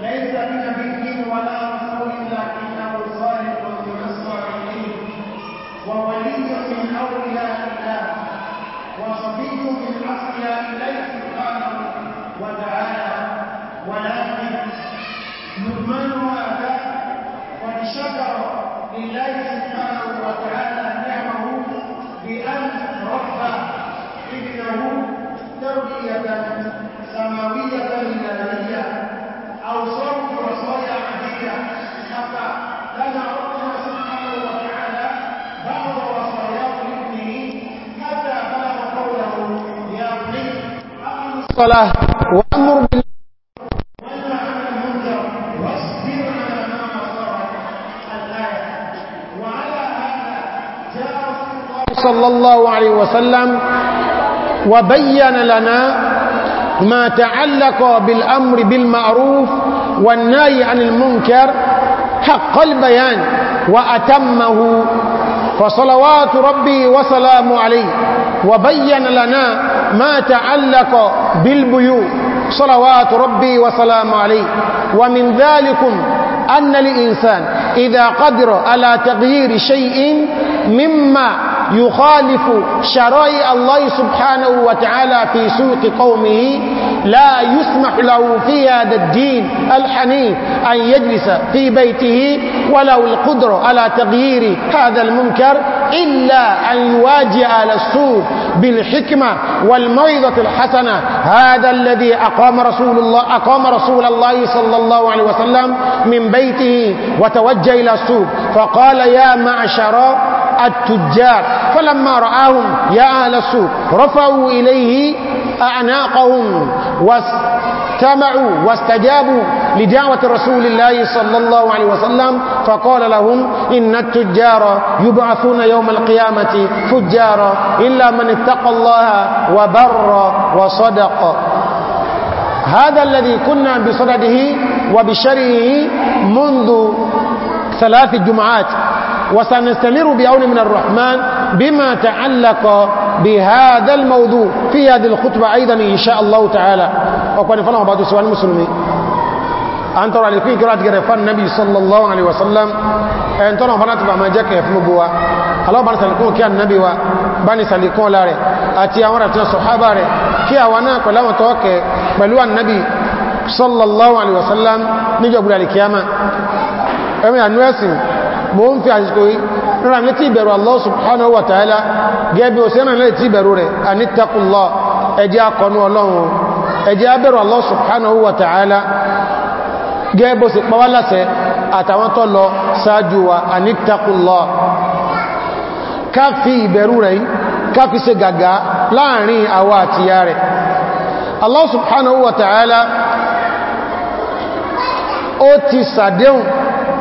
ليس بنبي ولا رسول لكنه صالح من الصالحين وولي من اولياء الله وصفي من اصفياء الله سبحانه وتعالى ولكن نضمن اداء قد شكر لله سبحانه وتعالى نعمه بان رفع ابنه تربيه سماويه الهيه أوصوا بوصايا عديدة حتى لنا سبحانه وتعالى وصاياه لابنه حتى بلغ قوله يا الصلاة وأمر بالله صلى الله عليه وسلم وبين لنا ما تعلق بالأمر بالمعروف والنهي عن المنكر حق البيان وأتمه فصلوات ربي وسلام عليه وبين لنا ما تعلق بالبيوء صلوات ربي وسلام عليه ومن ذلكم أن الإنسان إذا قدر على تغيير شيء مما يخالف شرائع الله سبحانه وتعالى في سوق قومه لا يسمح له في هذا الدين الحنيف أن يجلس في بيته ولو القدرة على تغيير هذا المنكر إلا أن يواجه على السوق بالحكمة والموعظة الحسنة هذا الذي أقام رسول الله أقام رسول الله صلى الله عليه وسلم من بيته وتوجه إلى السوق فقال يا معشر التجار فلما رآهم يا أهل السوق رفعوا إليه أعناقهم واستمعوا واستجابوا لدعوة رسول الله صلى الله عليه وسلم فقال لهم إن التجار يبعثون يوم القيامة فجارا إلا من اتقى الله وبر وصدق هذا الذي كنا بصدده وبشره منذ ثلاث جمعات وسنستمر بعون من الرحمن بما تعلق بهذا الموضوع في هذه الخطبة أيضا إن شاء الله تعالى وقال فلما بعد سواء المسلمين أن ترى لكي قراءة قرفان النبي صلى الله عليه وسلم أن ترى فناتبع ما جاك يفمبوا الله بنا سألكم كي النبي بني سألكم لاري أتي أمر أتنا صحابة كي أوناك ولا متوقع بلو النبي صلى الله عليه وسلم نجو قبل الكيامة أمي أنواسي mo ń fi àṣìkò rírà ní tí ìbẹ̀rù Allah subhanahu wa ta'ala gẹ́bí o sẹ́nà lẹ́yìn tí ìbẹ̀rù rẹ̀ a ní takùnlọ ẹjẹ́ akọnu ọlọ́run ẹjẹ́ abẹ̀rù Allah subhanahu wa ta'ala gẹ́bí sì pàwálàṣẹ àtàwọn tó lọ sáájú wa a ní takùnlọ ká fi ìbẹ̀rù Allah subhanahu wa ta'ala ó ti sàdéhùn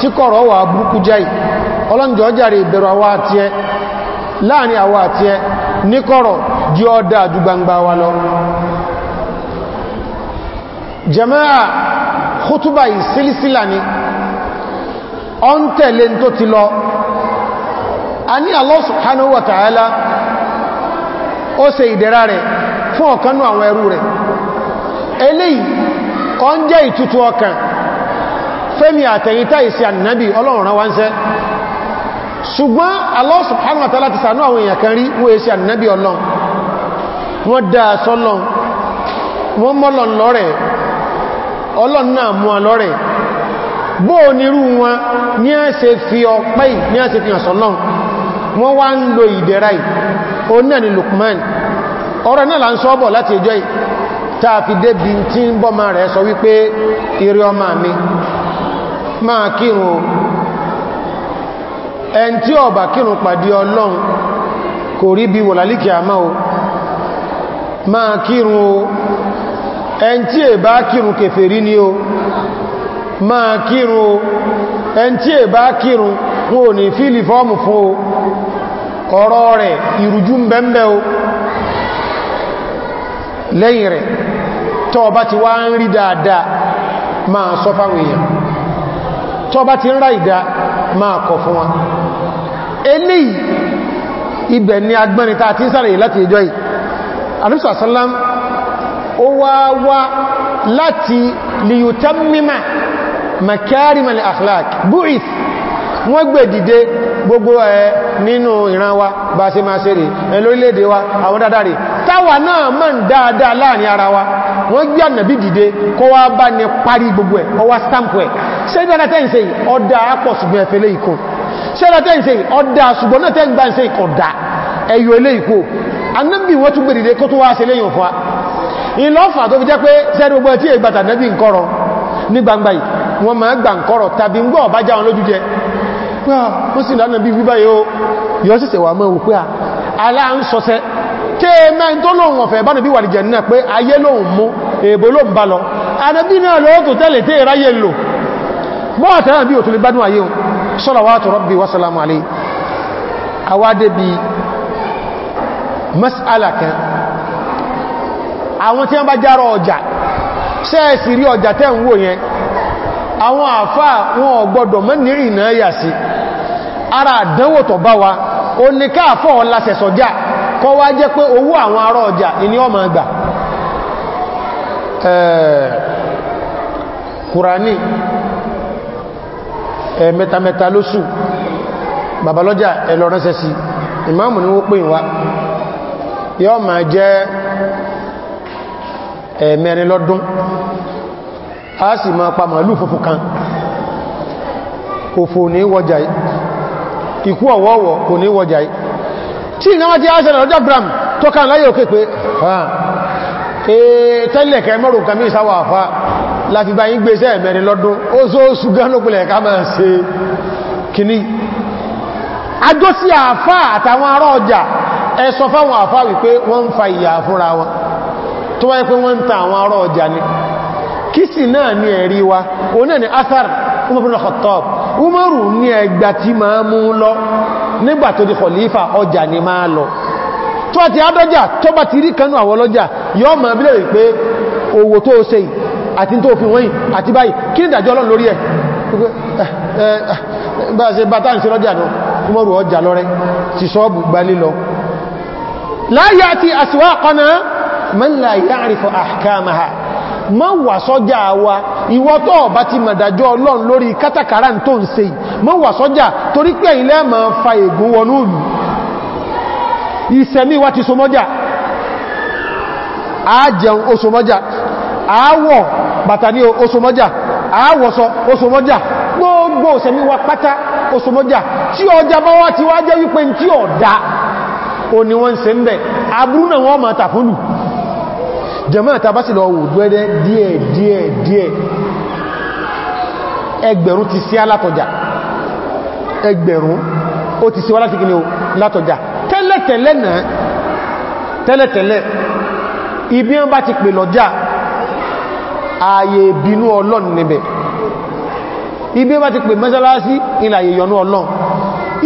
tí kọ̀rọ̀ wà burúkú jáì ọlọ́njọ́ jàre ìbẹ̀rù àwa àti ẹ láàrin àwa àti ẹ ní kọ̀rọ̀ jí ọ dáa ju gbangba wa lọ jàmáà kútúbà ìsílísílà ni ọ ń tẹ̀lé tó ti lọ a ní Allah subhanahu wa ta'ala ó ṣe ìdẹ̀ra rẹ̀ fún ọ̀kanú àwọn ẹrú fẹ́mi àtẹ̀yìntà ìsì ànàbì ọlọ́run rán wáńṣẹ́ ṣùgbọ́n Allah subhanahu wa ta'ala ti sànú àwọn èèyàn kan rí wọ́n èsì ànàbì ọlọ́run wọ́n dáa sọ́lọ́n wọ́n mọ́lọ̀n lọ́rẹ̀ ọlọ́n náà mú alọ́rẹ̀ bó onírú wọn ní a ṣe fi la ń sọ́bọ̀ láti ẹjọ́ yìí tààfi débi tí ń bọ́ ma rẹ̀ sọ wípé ìrẹ́ ọmọ mi máa kírun ẹn tí ọba kírun pàdé ọlọ́run kò rí bí wọ̀lálíkì àmá o máa kírun o ẹn tí èbá kírun kèfèrí ni o máa kírun o ẹn tí èbá kírun wọn ò ní fílì fọ́ọ̀mù fún o ọ̀rọ̀ rẹ̀ ìrújú ń o lẹ́yìn rẹ̀ tọ́ ọba ti wá ń rí dáadáa máa sọ fáwọn èèyàn tó bá ti ń ra ìdá máa kọ̀ fún wọn eléyìí ibẹ̀ ni agbẹ́ni tàà tí ń sàrẹ̀ láti ìjọ yìí àdúsà sálám ó wá wá láti liyutammima makarimal akhlaq bu'ith wọ́n gbé dìde gbogbo ẹ̀ nínú ìran wa bá ṣe máa ṣe rẹ̀ ẹ̀ lórílẹ̀-èdè wa àwọn dáadáa rẹ̀ táwa náà mọ́ dáadáa láàrin ara wa wọ́n gbé ànàbí dìde kó wá bá ní parí gbogbo ẹ̀ ọwá stamp ẹ̀ ṣe dára tẹ́ ń ṣe ọdá apọ̀ ṣùgbọ́n ẹ̀fẹ́ léìkó ṣe dára tẹ́ ń ṣe ọdá ṣùgbọ́n náà tẹ́ ń gbá ń ṣe ọdá ẹ̀yọ léìkó anábì wọ́n tún gbèrè kó tó wá ṣe léyìn fún wa ìlọ́fà tó fi jẹ́ pé kéèmẹ́ tó lóhun ọ̀fẹ́ bá nìbí wà nìjẹ̀ náà pé ayé lóhun mú èèbò ló ń bá lọ anábí náà lọ́wọ́ tó tẹ́lẹ̀ tí ìráyè lò bọ́ọ̀tẹ́ràn àwọn tí wọn ọgbọ́dọ̀ mẹ́nìrìn náà yà sí ara àdánwò tó bá wa oníkáàfọ́ ọlásẹ̀sọjá kọ́ wá jẹ́ pé owó àwọn ará ọjà ni ó máa gbà kùránì mẹ́tamẹ́ta lóṣù babalọ́jà ẹlọ́rẹ́sẹ̀ ìmáàmù ni wó pè wá yọ́ ma jẹ́ ẹ̀mẹ́rin lọ́dún a sì ma pa màálù fúnfú kan òfò ní wọjà ikú ọ̀wọ́wọ̀ kò ní wọjà yìí tí ìnáwà tí a ṣẹlẹ̀ lọ́jọ́ bram tó kàn láyé òkè pé tẹ́lẹ̀ kẹmọ́rùn kàmí ìsáwà àfá láti bá yín gbèsè ẹ̀mẹ́rin lọ́dún ó só ṣùgbọ́n lópinlẹ̀ ká máa ṣe kìíní ajó sí àfá àtàwọn ará ọjà ẹ sọ fáwọn àfá wípé wọ́n ń fa ni kìsì náà ní ẹ̀rí wa o ni athar Umar bin Khattab tí máa mú lọ nígbà tó di kọ̀lífà ọjà ni máa lọ tó àti adọ́jà tó bá ti rí kanú àwọn ọlọ́jà yọ́ ma bílẹ̀ rí pé owó tó ṣe àti tó fi wọ́n àti báyìí kí nìdàjọ́ ọlọ́run lórí ẹ̀ bá ṣe bá táà ń ṣe lọ́jà náà kúmọ̀rù ọjà lọ́rẹ́ ti sọ́ọ̀bù gbalé mọ́ wà sọ́jà torí pé ilẹ̀ ma ń fa ègún wọnú ìlú ìsẹ̀mí wa ti somọ́jà àájẹun osomọ́jà àáwọ̀ bàtà ní osomọ́jà àáwọ̀sọ osomọ́jà gbogbo ìsẹ̀mí wa pátá osomọ́jà tí ọjà bá wá ti wá jẹ́ wípé tí ọ̀dá òní wọ́n se ń bẹ̀ aburú náà wọ́n ma tàfúnlù jẹmọ́ àtàbá sí lọ wò dúẹ́dẹ́ díẹ̀ díẹ̀ ẹgbẹ̀rún ti sí alátọjà ẹgbẹ̀rún ó ti síwá láti gíní o látọjà tẹ́lẹ̀tẹ́lẹ̀ náà tẹ́lẹ̀tẹ́lẹ̀ ibi wọ́n bá ti pè lọ́jà ààyè ìbínú ọlọ́n níbẹ̀ ibi wọ́n bá ti pè mẹ́sálásí ìlàyè yọnú ọlọ́n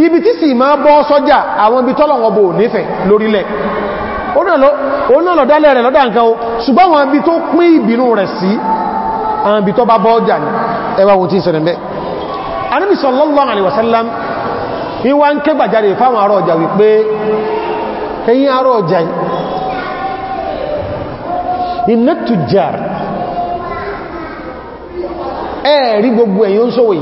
ibi tí sì máa bọ́ sọ́jà àwọn ibi tọ́lọ̀wọ́ bò nífẹ̀ lórílẹ̀ onílọ̀dálẹ̀ rẹ̀ lọ́dá nǹkan o ṣùgbọ́n àwọn ibi tó pín ìbínú rẹ̀ sí àwọn ibi tó ẹwà ohun tí ń ṣẹlẹ̀ anábì sallallahu alaihi wasallam ìwá ń ké gbàjáde fáwọn ará ọjà wípé ẹ̀yin ará ọjà iná tùjàr ẹ̀rí gbogbo ẹ̀yin sówè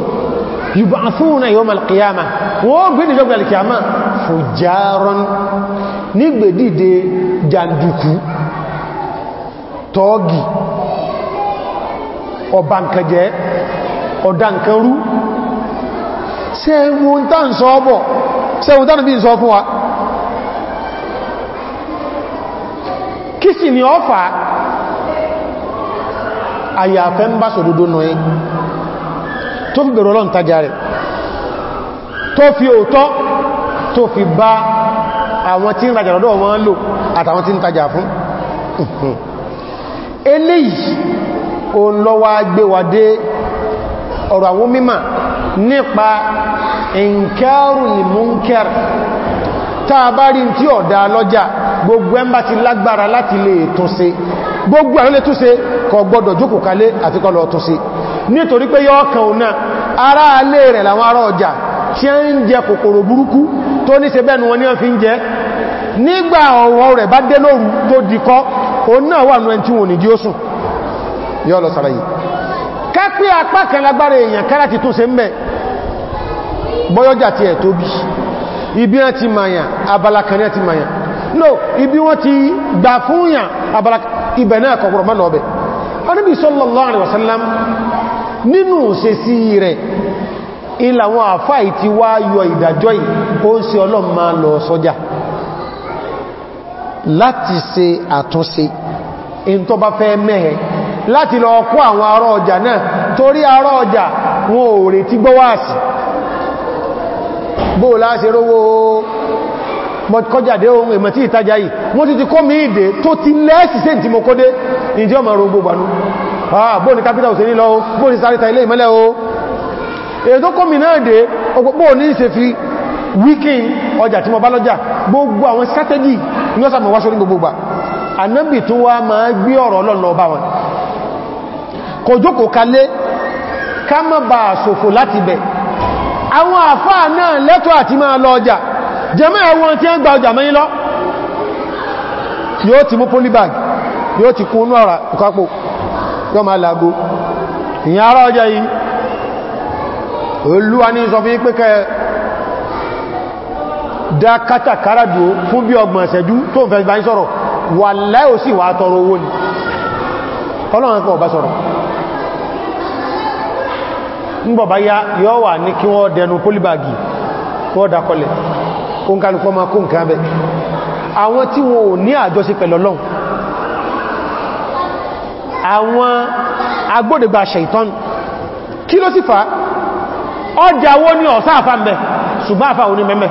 yub'athuna yawm al-qiyamah wọ́n gbé ní jọ́gbẹ̀ alkiyama fujaran nígbèdìde jàndùkú tọ́ọ̀gì ọba nǹkan ọ̀dá nǹkan sẹ́wọ̀n tán sọ ọbọ̀ sẹ́wọ̀n tán bí n sọ fún wa kí sì ni ọ fà àyàfẹ́ ń bá sòdodo nù yí tó fi bẹ̀rọ lọ́n tajà rẹ̀ tó fi òótọ́ tó fi bá àwọn tí ń rajà lọ́dọ̀ wọn lò àtàwọn tí ń tajà fún eléyìí o lọ́wọ́ gbé wa dé ọ̀rọ̀ àwọn mímọ̀ nípa ìǹkẹ́rù ìmúnkẹ́r táa bá rí tí ọ̀dá lọ́jà gbogbo ẹmbá ti lágbára láti lè túnṣe gbogbo àwọn lè túnṣe kò gbọdọ̀ jókòó kalẹ̀ àti kó lọ túnṣe nítorí pé yọ́ kan òun náà ará alẹ́ rẹ̀ làwọn ará ọjà tí a ń jẹ kòkòrò burúkú tó ní ṣe wọn ní pé apá kan lágbára èèyàn kára ti tún ṣe mẹ́ bọ́yọ́jà ti ẹ̀ tóbi ibi wọ́n ti mayàn abalakanẹ́ ti mayàn no ibi wọ́n ti gbà fúnyàn ibẹ̀ náà kọkùrọ̀ mọ́ lọ́ọ̀bẹ̀ Ànábì sallallahu alaihi wasallam nínú ṣe sí rẹ̀ ilà wọn àfá ìtí wá yọ ìdàjọ́ ì ó ń ṣe ọlọ́mà lọ sọ́jà láti ṣe àtúnṣe in tó bá fẹ́ mẹ́ẹ̀ láti lọ kó àwọn ará ọjà náà torí ará ọjà wọn ò rè tí gbọ́wàásì bó láti rówó mọ̀kọjàdé ohun èmọ̀ tí ìtajà yìí wọ́n ti ti kó mi ìdè tó ti lẹ́ẹ̀sì sí tí mo kó dé ìjọ ma ro gbogbo ànú bó ní kápítà òsè nílọ bó ní sáréta ilé ìmẹ́lẹ̀ o èdò kó mi náà dé bó ní ìse fi ànábì tó wá máa gbé ọ̀rọ̀ ọlọ́lọ́ ọba wọn kò kalé ká má bà ṣòfò láti bẹ̀ àwọn àfáà náà lẹ́tọ́ àti máa lọ ọjà jẹmọ́ ẹ̀wọ̀n tí ń gba ọjà mẹ́yìn lọ yóò ti mú polybag yóò ti kún ní ọ̀rà ìkápò yóò máa làgbó ìyàn ara ọjà yìí olúwa ní sọ fún pé kẹ dá kátàkárà dúó fún bí ọgbọ̀n ìṣẹ́jú tó ń fẹ́ gbáyín sọ̀rọ̀ wà láì ó sì wà tọrọ owó ni ọlọ́run kò bá sọ̀rọ̀ ngbọ̀báyá yọ́ wà ní kí wọ́n dẹnu pólíbàgì wọ́n dákọlẹ̀ o n kálùkọ́ ma kó nǹkan abẹ́ àwọn tí wọ́n ò ní àjọsí pẹ̀lọ́lọ́n àwọn agbódegbà ṣẹ̀ìtọ́n kí ló sì fa ọjà wó ní ọ̀sá àfá mẹ́ ṣùgbọ́n àfá òní mẹ́mẹ́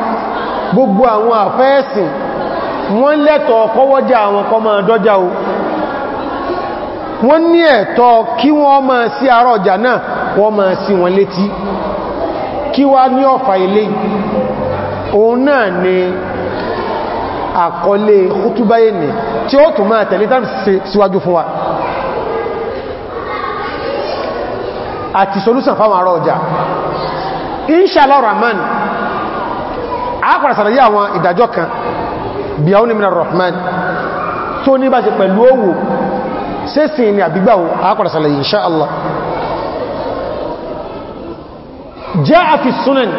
gbogbo àwọn àfẹ́ẹ̀sìn wọ́n lẹ́tọ̀ kọwọ́já àwọn kọ máa o wọ́n ní ẹ̀tọ́ kí wọ́n máa sí àárọ̀ ọjà náà wọ́n máa sí wọn létí kí wá ní ọ̀fà ilé òun náà ni àkọlé kútúbáyé nì tí ó tún máa tẹ̀lé tàbí síwájú fún wa àti solúsàn fáwọn àárọ̀ ọjà inṣàlá àápàdà yà wọn ìdájọ́ kan bí àwọn ìmìnà Rahman tó ní bá ṣe pẹ̀lú owó sẹ́sìn ni àbígbàwó àápàdà sàlàyé insha Allah جاء في السنن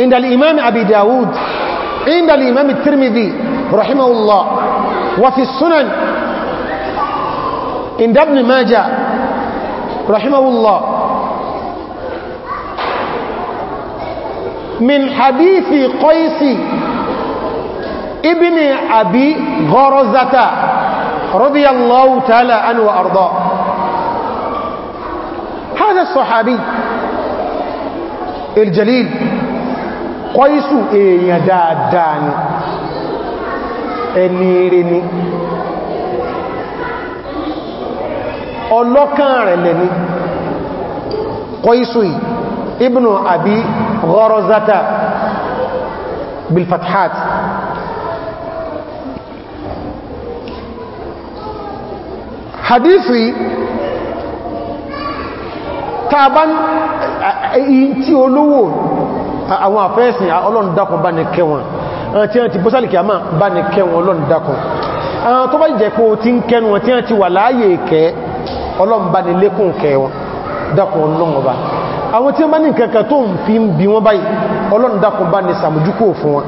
عند الإمام أبي داود عند الإمام الترمذي رحمه الله وفي السنن عند ابن ماجه رحمه الله من حديث قيس ابن أبي غرزة رضي الله تعالى عنه وأرضاه هذا الصحابي الجليل قيس إيه دادان إنيرني ọlọ́kàn rẹ̀ lẹ́ni Qaysu ibn Abi غرزة بالفتحات hadithi tàbá tí olówó àwọn àfẹ́ẹ̀sìn ọlọ́run dákun bá ní kẹwọn tí wọ́n ti bọ́sálì kìí àmà bá ní kẹwọn ọlọ́run dákun àwọn tó bá jẹ́ pé o ti ń kẹnu wọn tí ti wà láàyè kẹ ọlọ́run bá ní lékún kẹwọn dákun ọlọ́run ọba àwọn tí ó bá ní kankan tó ń fi ń bí wọ́n báyìí ọlọ́run dákun bá ní sàmójúkò fún wọn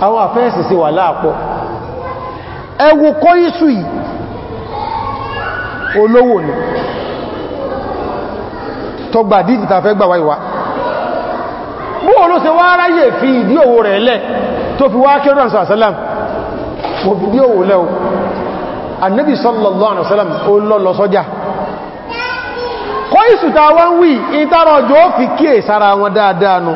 àwọn àfẹ́ẹ̀sì sí wà láàpọ̀ ẹwù kọ́ ìsù yìí olówó ni tọgbà dídì tàfẹ́ gbà wáyíwá bú oló se wá ráyè fi ìdí òwò rẹ̀ lẹ̀ tó fi wá kẹrọ àṣàṣàlám sallallahu alaihi wasallam ó sọ́jà kọ́ ìsùta wọ́n wí ìtàrà ọjọ́ ó fi kí èsára wọn dáadáa nù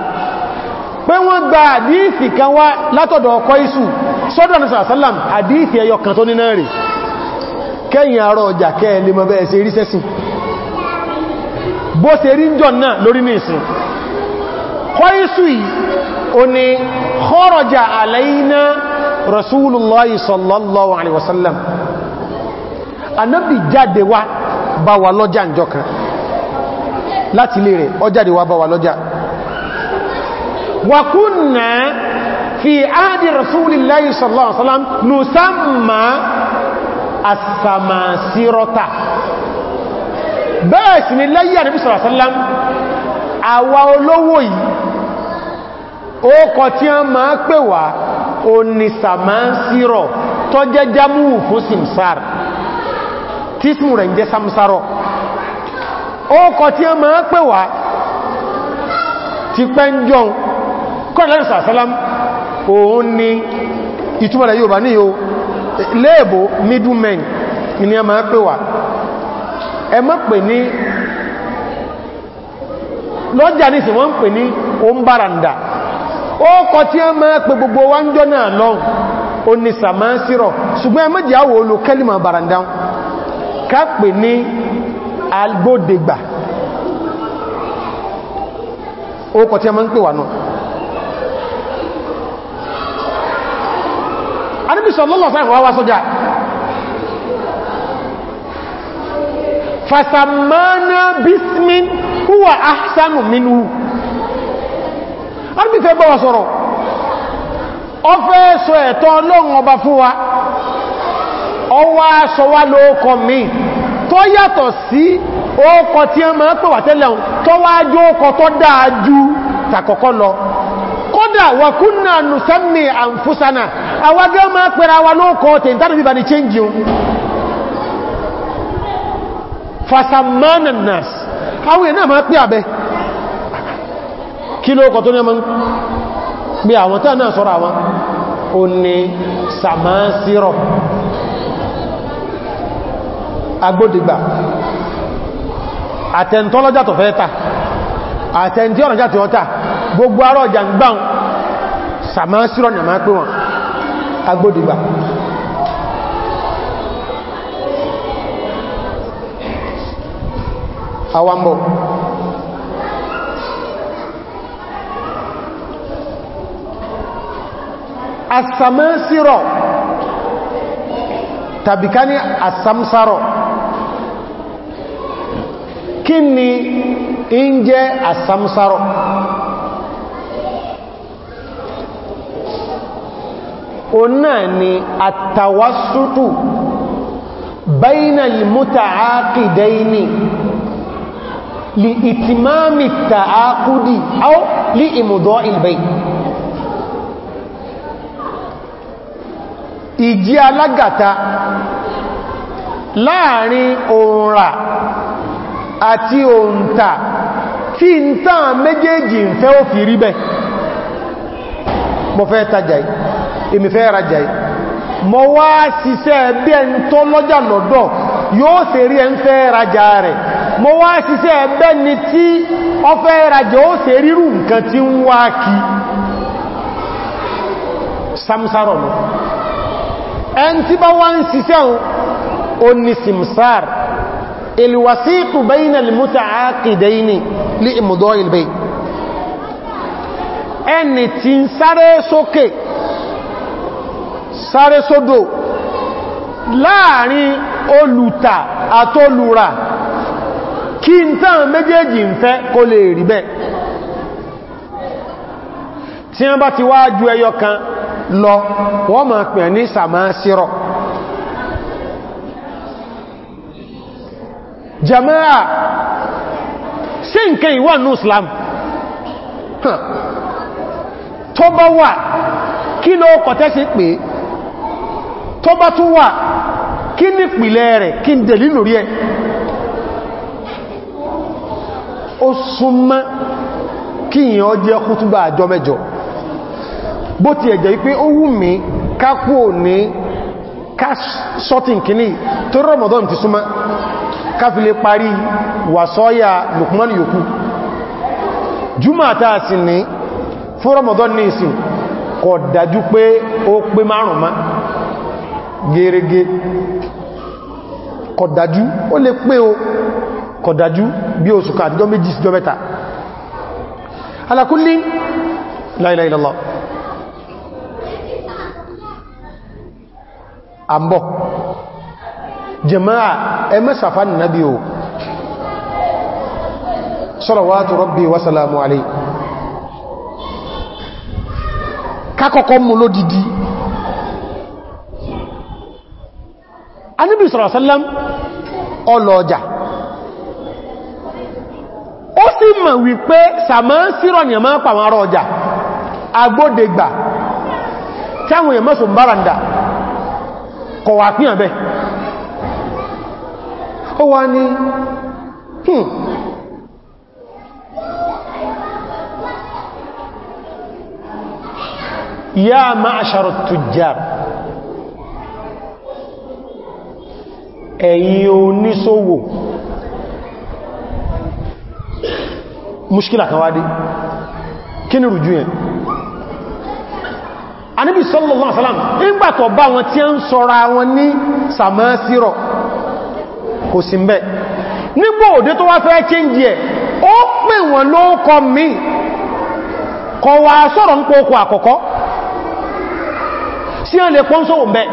pé wọ́n gba àdíìsì kan wá látọ̀dọ̀ ọkọ̀ ìsù sọ́dọ̀ ní sàásálàm àdíìsì ẹyọ kan tó nínú rẹ̀ kẹ́yìn àrọ ọjà kẹ́ẹ̀lẹ́ mọ́ bẹ́ẹ̀ ṣe rí sẹ́sìn bó ṣe rí jọ náà bá wa lọ́jà ǹjọ́ kan láti ilé rẹ̀ ọjáde wà bá wà lọ́jà wa kunna fi áàdì rasulillahi sallallahu alaihi wasallam nusamma as-samasirata bẹ́ẹ̀ sì ni lẹ́yìn ànábì sallallahu alaihi wasallam àwa olówó yìí ó kọ tí a máa pè wá o ni jámù fún simsar tí sínú rẹ̀ ń jẹ́ samsarọ̀ ọkọ̀ tí a máa pè wá ti pẹ́ ń jọun kọ́lẹ̀lẹ́rìn sàásálám òun ni ìtúmọ̀lẹ̀ yóò bá ní yóò léèbò middlemen ni a máa pè wá ẹ mọ́ pè ní lọ́jà ní ìsìn wọ́n pè ní oúnbàràndà ọkọ̀ tí a máa pè gbogbo wá ń jọ náà lọ́n ó ṣùgbọ́n ẹ jẹ́ àwọ̀ olùkẹ́lìmọ̀ bàràndà ká pè ní agbódegbà ókọ̀ tí a máa ń pè wà náà Ànábì sallallahu alaihi wasallam wá sọ́jà fasamana bismin huwa ahsanu minhu Ànábì fẹ́ bá wa sọ̀rọ̀ ọ fẹ́ sọ ẹ̀tọ́ Ọlọ́run ọba fún wa ọwá sọ wá lóókọ mìí tó yàtọ̀ sí ókọ tí a máa pè wà tẹ́lẹ̀ ohun tó wájú ókọ tó dáa ju tàkọ́kọ́ lọ kódà wà kúnnà nùsánmì àǹfúsánà àwágẹ́ máa pẹ̀rẹ̀ wa lóòkọ́ tẹ̀ntánà bíbá ní chéńjì ohun fasamananas àwọn èèyàn náà máa agbódìgbà àtẹntọ́lọ́jà tó fẹ́ ta àtẹntí ọ̀nàjà tí wọ́n ta gbogbo ará ọjà ń gbáhùn sàmásírọ̀ ni a máa pè wọn agbódìgbà awambo asamásírọ̀ tàbí ká ní asamsárọ̀ kí ni ń jẹ́ àsámsárọ̀ o náà ni àtàwásútù bainal muta'aqidaini li itimami ta'aqudi aw li imudo ilbai ìjí alágàta láàrin òun rà àti òǹtà tí ń tàn méjèèjì ń fẹ́ ó fi rí bẹ́ mọ́ fẹ́ tajà èmì fẹ́ rajà mọ́ wá ṣiṣẹ́ bí ẹn tó lọ́jà lọ́dọ̀ yóò ṣe rí ẹn fẹ́ rajà rẹ̀ mọ́ wá ṣiṣẹ́ bẹ́ ni tí ọ fẹ́ rajà ó ṣe rírù nǹkan tí ń wá kí ẹn tí bá wá ń ò ní الوسيط بين المتعاقدين لإمضاء البيع ẹni tí ń sáré sókè sáré sódò láàrin olùta àtolùra kí n tán méjèèjì ń fẹ́ kó lè rí bẹ́ tí wọ́n bá ti wá ju ẹyọ kan lọ wọ́n ma pè ní sàmásírọ̀ jama'a sí nke ìwà ní islam tó bá wà kí ló kọ̀tẹ́sí pé tó bá tún wà kí ní pìlẹ̀ rẹ̀ kí ń dẹ̀lì lórí ẹ ó súnmọ́ kí ìyàn jẹ́ kútúbà àjọ mẹ́jọ bó ti ẹ̀jẹ̀ wípé ó wù mí kápò ní ká sọ́tìn tó Ramadan ti súnmọ́ káfílé parí wàsọ́yà Lukman yòókù jùmọ́ táà sì ní fún Ramadan ní ìsìn kò dájú pé ó pé márùn-ún má gẹ́rẹ́gẹ́ kò dájú ó lè pé o kò dájú bí oṣù ká àtijọ́ méjì síjọ́ mẹ́ta ala kulli la ilaha jama'a ẹ mẹ́sàfà nàbí o salawatu rabbi wa salamu alayhi kakọ̀kọ́ mú ló dìdí anábì sallallahu alaihi wasallam ọlọ́ọjà ó sì mọ̀ wípé sàmọ́ sírọ̀ ni a máa pàwọn ará ọjà agbódegbà táwọn èèyàn mọ́sùn báràndà kọ̀wà àbẹ́ ó wá ní hmm ya ma'ashar tujjar ẹ̀yin oníṣòwò mushkila kan wá dé kí ni rùjú yẹn Ànábì sallallahu alaihi nígbàtọ̀ bá wọn tí a ń sọra wọn ní sàmásírọ̀ kò sí mẹ́ nígbò òdé tó wá fẹ́ change ẹ̀ ó pè wọ́n ló kọ mí kọ wà sọ̀rọ̀ nípa okò àkọ́kọ́ sí ẹ̀ lè pọ́n sówò mẹ́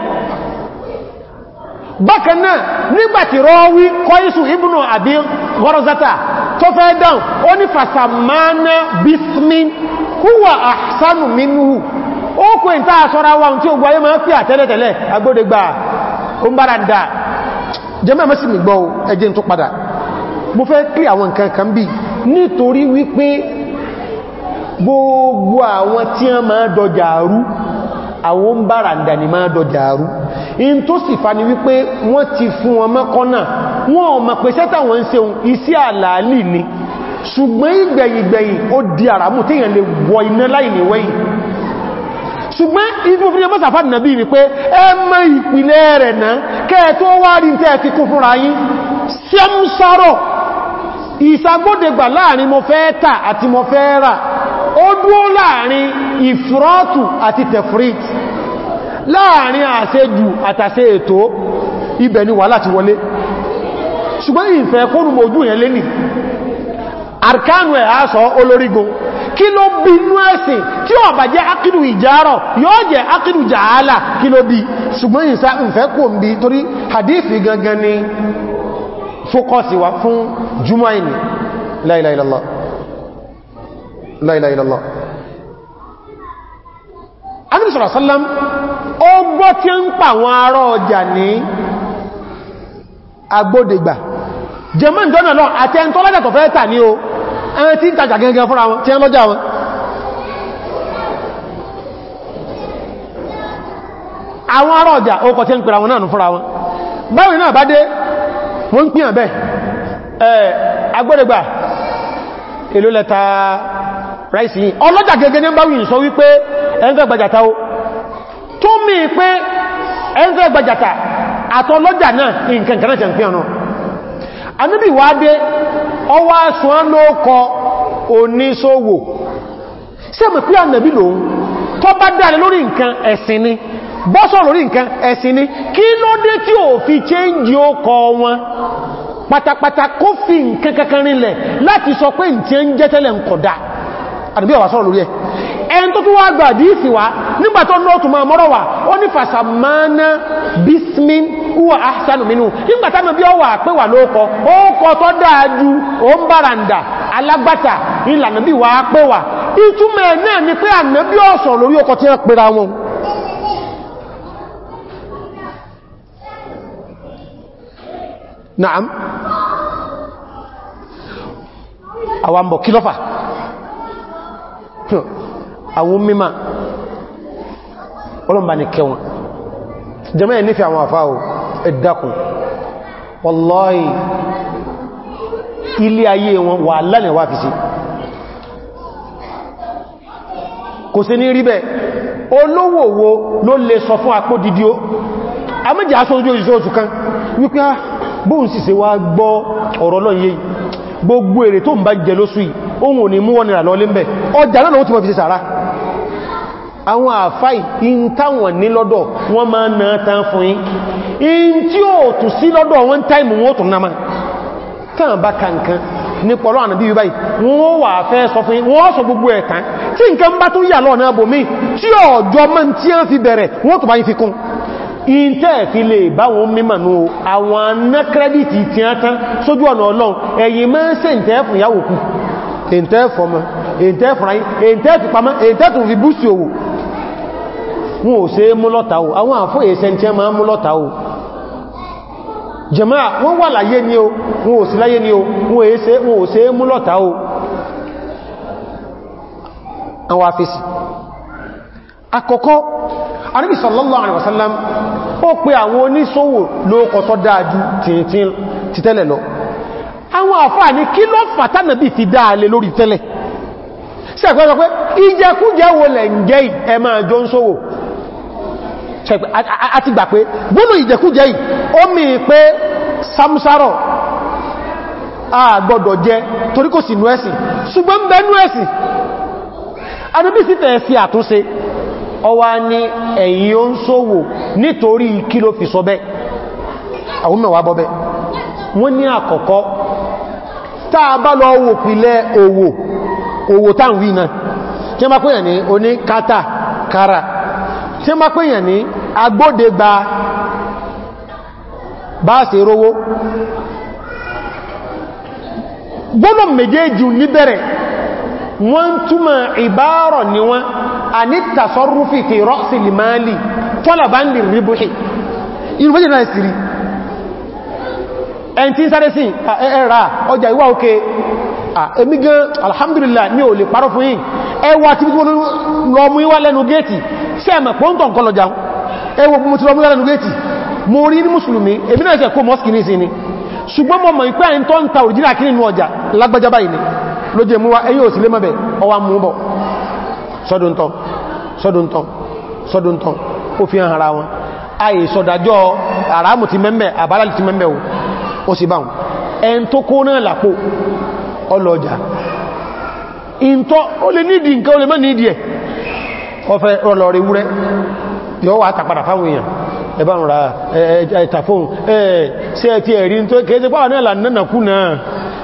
bákanáà nígbàtí rọ́wí kọ́ísù ibùnà àbí gọ́rọ̀zátà tó fẹ́ dáun ó ní fàsàmánà bismin huwa ahsanu minhu ó kò ìta àṣọ́ra wa tí máa ń jẹmọ́ mẹ́sí mi gbọ́ ẹjẹ́ tó padà mo fẹ́ kí àwọn nǹkan kan bí nítorí wípé gbogbo àwọn tí wọ́n máa dọjà rú àwọn bàràndà ni máa dọjà rú in tó sì fa ni wípé wọ́n ti fún wọn mọ́kànnà wọ́n mọ̀ pé sẹ́tà wọ́n ń seun iṣẹ́ àlàálì ni ṣùgbọ́n ìfún fún ọmọ sàfàdì nàbí wípé ẹ mọ́ ìpìlẹ̀ rẹ̀ náà kẹ́ tó wá rí tẹ́ fi kún fúnra yín sẹ́mùsọ́rọ̀ ìsagbódegbà láàrin mo fẹ́ tà àti mo fẹ́ rà ó dúó láàrin ìfúrọ́tù àti tẹ̀frit láàrin àṣejù àtàṣe ètò ibẹ̀ ni wà láti wọlé ṣùgbọ́n ìfẹ́ kórùn mọ̀ ojú yẹn lénìí arkanu ẹ̀ aṣọ olórígun kí ló bí inú ẹ̀sìn tí ó bá jẹ́ akídù ìjárọ̀ yóò jẹ́ akídù jàálà kí ló bí ṣùgbọ́n ìsá ìfẹ́ kò ń bí torí hadithi gangan ni fókọ́sì wa fún jumaini la ilaha la ilaha illallah sallam ó gbọ́ tí ń pa àwọn ará ọjà ní agbódegbà jẹ́mọ́ ìjọ́nà náà àti ẹntọ́lájà tó fẹ́ o ẹni tí ń tajà fúnra wọn tí a lọ́jà wọn àwọn ará ọjà ọkọ̀ tí ń pèrà wọn náà fúnra wọn báwọn náà bá dé wọ́n ń pín àbẹ́ agbọ́dẹ̀gbà èlò lẹ́ta ráìsì yìí ọlọ́jà gẹ́gẹ́ ní báwọn sọ wípé ẹnfẹ́ gbajata ó tó pé ẹnfẹ́ gbajata àtọlọ́jà náà nǹkan ọwá sùn ló kọ oníṣòwò sẹ́mọ̀ pé ànàbí lòun tó bá dáre lórí nǹkan ẹ̀sìn ni bọ́sọ̀ lórí nǹkan ẹ̀sìn ni kí ló dé tí ò fi chéńjì ó kọ wọn pátápátá kó fi nǹkan kankan rinlẹ̀ láti sọ pé àdìbí ọ̀wà sọ́rọ̀ lórí ẹ̀ ẹn tó tún wá gbà dìísì wá nígbàtọ́ nọ́ọ̀tù máa mọ́rọ̀ wà ó ní fàṣàmánà bismin huwa ahsanu minhu nígbàtá mi bí ọwà pé wà lóòkọ́ ó kọ́ tọ́ dáájú ó ń bàràndà alágbàtà ni àwọn mímá ọlọ́mbà ní kẹwọn jẹmọ́ ẹ̀ nífẹ̀ẹ́ àwọn àfáà ẹ̀dàkùn wallahi ilé ayé wọn wà lálẹ̀ wà fi sí kò sí ní rí bẹ́ẹ̀ olówó wo ló lè sọ fún àpò dídí ó amẹ́jì aṣojú òṣìṣẹ́ oṣù kan wípé ah, bóhun sì se wá gbọ́ ọ̀rọ̀ lọ́yẹ gbogbo èrè tó ń bá jẹ lóṣù yìí ohun ni mú wọn nìrà lọ lẹ́m̀bẹ̀ ọjà náà lọ́wọ́ tí wọ́n fi sàárá àwọn àfáì in táwọn ní lọ́dọ̀ wọ́n máa na tán fún yín in tí ó tù sí lọ́dọ̀ wọ́n táìmù wọ́n tún náà tán bá kankan ní pọ̀lọ́ ànàbí yìí báyìí wọ́n wà fẹ́ sọ fún wọ́n sọ gbogbo ẹ̀ta tí nǹkan bá tún yà lọ náà bò mí tí ọjọ́ mọ́ tí a fi bẹ̀rẹ̀ wọ́n ìntẹ́ fi lè bá àwọn aná tí a tán sójú ọ̀nà ọlọ́run ẹ̀yìn mẹ́sẹ̀ ìtẹ́ fún yáwó kú èntẹ́ fọmọ́ èntẹ́ fúnraí èntẹ́ fipamọ́ èntẹ́ tún fi búùsì òwò wọn ò ṣe mú lọ́ta o àwọn àfún èsẹ́ tí a máa mú lọ́ta o jàmáà wọ́n wà láyé ní o wọn ò sí láyé ní o wọn ò ṣe mú lọ́ta o àwọn afẹ́sì àkọ́kọ́ Ànábì sallallahu alaihi wasallam ó pe àwọn oníṣòwò lóòkọ̀ tó dáadú tìntìn títẹ́lẹ̀ lọ àwọn àfáà ní kí ló fàtánàbí fi dáalé lórí tẹ́lẹ̀ sẹ́kọ̀ọ́ pé ìjẹkújẹ wo lẹ̀ ń jẹ́ ẹ máa jọ ń sówò àti gbà pé gbónú ìjẹkújẹ yìí ó mì pé samsarọ̀ àgbọ̀dọ̀ jẹ torí kò sí nú ẹ̀sìn ṣùgbọ́n ń bẹ nú ẹ̀sìn anúbí sí tẹ̀ẹ̀ àtúnṣe ọwá ní ẹ̀yìn ó ń sówò nítorí kí ló fi sọ bẹ́ àwọn mẹ́wàá bọ́bẹ́ wọ́n ní àkọ́kọ́ táà bá lọ wò pìlẹ̀ owó owó na náà tí ma pèyàn ní oní kátà kára tí ma ní agbóde bá rówó gbọ́nà méjèèjì níbẹ̀rẹ̀ wọ́n túnmà ni wọ́n a ní ń ẹni tí ń sáré sí ẹ̀rà ọjà ìwà òkè èmi gan alhamdulillah ní ò lè parọ́ fún yìí ẹwà tí mo lọ mú ìwà lẹ́nu gẹ́ẹ̀tì sẹ́ẹ̀mẹ̀ pọ́ntọ̀ nǹkan lọ jáun ẹwà mo ti lọ mú lẹ́nu gẹ́ẹ̀tì mo rí ní mùsùlùmí èmi náà kẹ́kọ́ mọ́sùkì ní sí ni wa ẹyọ́ òsìlé mọ́bẹ̀ ọwà mú bọ̀ sọ́dúntọ́ sọ́dúntọ́ sọ́dúntọ́ ó fi hàn ara wọn àìsọ̀dájọ́ àrámù ti mẹ́mẹ́ àbálàlì ti mẹ́mẹ́ ó sì báhùn ẹn tó kó náà làpò ọlọ́ọ̀jà ìntọ́ ó lè nídìí nǹkan ó lè mọ́ nídìí ẹ̀ ọfẹ́ ọlọ́ọ̀rẹ̀ ewúrẹ́ yóò wà tàpàdà fáwọn èèyàn ẹbá ń ra ẹ̀ẹ̀tàfóhùn ẹ̀ẹ̀ sí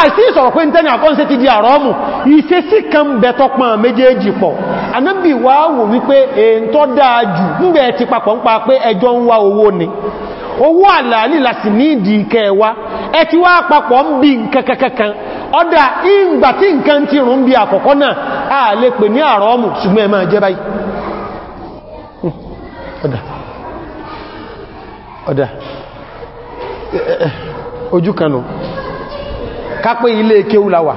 àìsí ìsọ̀rọ̀ pé tẹ́ni àkọ́nṣẹ́ ti di àrọ́mù ìṣẹ́ sí kan bẹ̀tọ́pọ̀ méjèèjì pọ̀ anábì wá wò wípé èyí tó dáa jù níbẹ̀ ti papọ̀ ń pa pé ẹjọ́ ń wá owó ni owó àlàálì láti ní ìdí kẹwa ẹ ti wá papọ̀ ń bí nkankankan ọdá ìgbà tí nkan ti rùn bí àkọ́kọ́ náà a lè pè ní àrọ́mù ṣùgbọ́n ẹ máa jẹ́ báyìí hmm, kápé ilé kéúláwà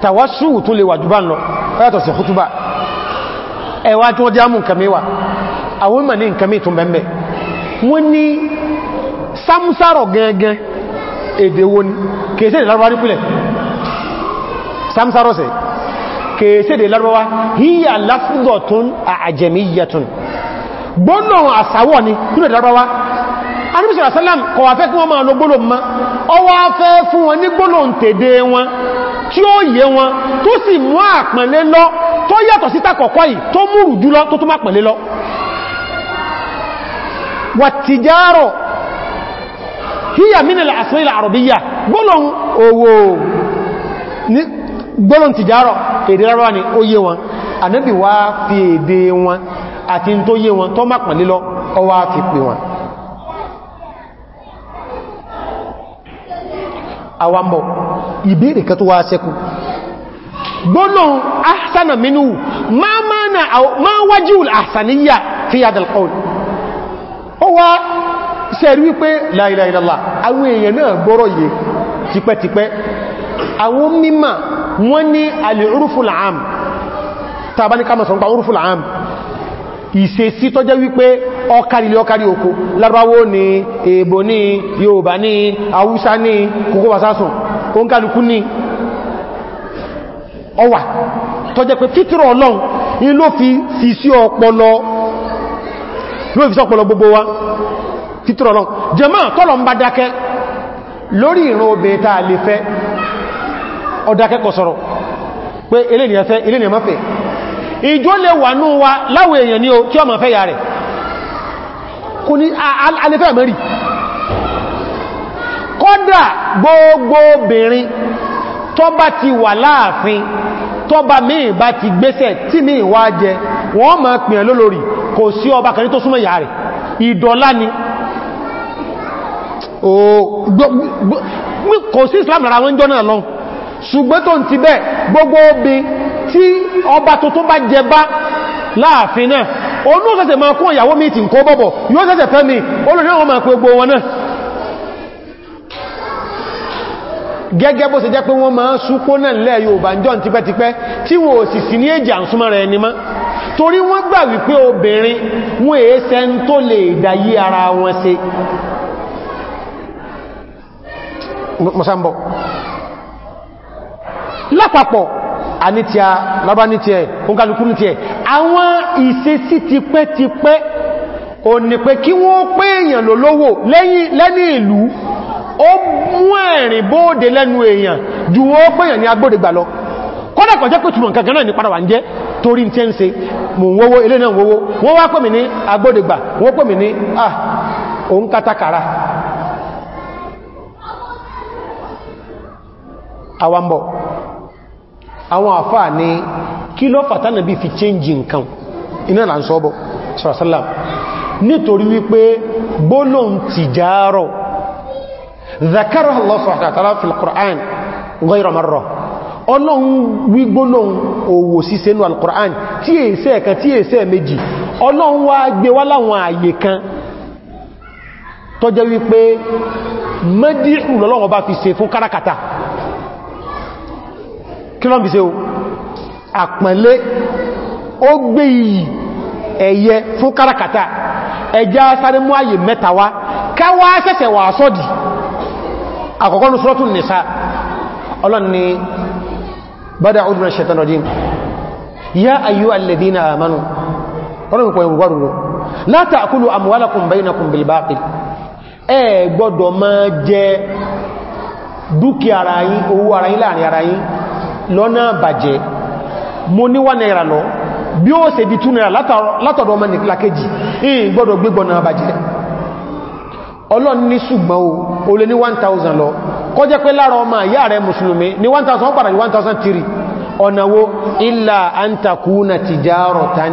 tàwásù tún lè wà jùbá lọ ẹ́yàtọ̀ sí kútúbà ẹwà tí wọ́n jámù nǹkan mẹ́wà àwọn ìmọ̀ ní nǹkan mẹ́ tún bẹ̀m̀bẹ̀ wọ́n ní samsaro gangan èdè wo ni kèèsè èdè lárúbá nípìlẹ̀ samsaro sẹ anúbìsọ̀ àṣálàm kọ̀ wà fẹ́ kí wọ́n máa lo gbólò mọ́ ọwọ́ afẹ́ fún wọn ní gbólò ń tèdè wọn tí ó yé wọn tó sì mú àpẹ̀lẹ́ lọ tó yàtọ̀ sí takọ̀kọ́ yìí tó múrù jùlọ tó tó má pẹ̀lẹ́ lọ wàtìjárọ̀ híyà mínìlẹ̀ ní gbólòun tìjárọ̀ èdè rárá ni ó yé wọn ànábì wá fi èdè wọn àti tó yé wọn tó má pẹ̀lẹ́ lọ ọwá fi pè wọn àwàmọ̀ ìbéèrè kan tó wá sẹ́kù gbónáhùn ahsana minú ma mana ma wajihul ahsaniyya fi hadha al-qawl ó wá sẹ́rí wípé la ilaha illallah àwọn èèyàn náà gbọ́rọ̀ yẹ tipẹ́tipẹ́ àwọn mímọ̀ wọ́n ní al-urful am tàbáníkà mọ̀ sọ́nà urful am ìṣesí tó jẹ́ wípé ọkàrí ilé ọkàrí oko lárúbáwó ní èèbò ní yorùbá ní haúsá ní kòkó wasásùn ó ń kálukú ní ọwà tó jẹ́ pé fítírọ̀ ọlọ́run in ló fi fi sí ọpọlọ ló fi sọpọlọ gbogbo wa fítírọ̀ ọlọ́run jẹ́mọ́ tọ́lọ ń bá dákẹ́ lórí ìran obìnrin tàà lè fẹ́ ọdákẹ́kọ̀ sọ̀rọ̀ pé eléyìí fẹ́ eléyìí má fẹ́ ìjó lè wà ní wa láwọ èèyàn ní o kí ọmọ fẹ́ yà rẹ̀ kò ní alẹ́fẹ́ mẹ́rì kọ́dà gbogbo obìnrin tó bá ti wà láàfin tó bá míì bá ti gbésẹ̀ tí míì wá jẹ wọ́n máa pìyàn lólórí kò sí ọba kan tó súnmọ́ ìyá rẹ̀ ìdọ̀lá ni kò sí Islam lára wọn jọ náà lọ ṣùgbọ́n tó ń ti bẹ́ gbogbo obìnrin tí ọba tuntun bá jẹba láàfin náà olú ṣẹ̀ṣẹ̀ máa kún ìyàwó mi ti ń kó bọ̀bọ̀ yóò ṣẹ̀ṣẹ̀ fẹ́ mi olùrin wọn máa pẹ gbogbo wọn náà gẹ́gẹ́ bó ṣe jẹ́ pé wọ́n máa súpó náà lẹ́ Yorùbá jọ tipẹ́tipẹ́ tí wọ́n ò sì sí ní èjì àǹsúnmọ́ rẹ̀ ẹni má torí wọ́n gbà wípé obìnrin wọ́n èéṣẹ́ ń tó lè dáyé ara wọn ṣe mọ̀sánbọ̀ lápapọ̀ a ní tí a lábá ní tí ẹ̀ àwọn ìṣesí ti pẹ́ ti pẹ́ o ní pé kí wọ́n pé èèyàn ló lówó lẹ́ni ìlú ó mú ẹ̀rìn bóòdé lẹ́nu èèyàn ju wọ́n pé èèyàn ní agbódegbà lọ kódà kò jẹ́ pé túnmọ̀ nǹkan ganáà ní padà wà ń jẹ́ torí tí ń ṣe mò ń wówó ilé náà àwọn àfáà ní kí ló fàtánà bí fi change nǹkan iná là ń sọ́bọ̀ sọ́rọ̀sọ́làm nítorí wípé gbólóhùn tìjárọ̀ zakara Allah subhanahu wa ta'ala fil Qur'an ghayra marra ọlọ́run wí gbólóhùn òwò síse ní al-Qur'an tí èsẹ́ ẹ̀kan wípé mẹ́díṣù lọ́lọ́run bá fi ṣe fún kárakátà kí lọ́n fi ṣe o àpẹ̀lẹ́ ó gbé iyì ẹ̀yẹ fún káràkátà ẹjá sáré mú àyè mẹ́ta wá káwà ṣẹ̀ṣẹ̀ wà sọ́dì àkọ́kọ́ ní Suratul Nisa ọlọ́ni bada ọdún ṣẹta rajim ya ayyuhal ladhina amanu ọlọ́run kò yẹ̀wọ̀ rúrú la ara yín owó ara yín láàrin ara yín lọ́nà bàjẹ́ mo ní wà náírà lọ bí ó ṣe di tún náírà látọ̀dọ̀ ọmọ nìkìlákejì ìyìn gbọ́dọ̀ gbígbọ́nà bàjẹ́ ọlọ́ni ní ṣùgbọ́n o o lè ní 1000 lọ kọ́ jẹ́ pé lára ọmọ ìyá rẹ̀ mùsùlùmí ní 1000 padà ní 1003 ọ̀nà wo illa an takuna tijaratan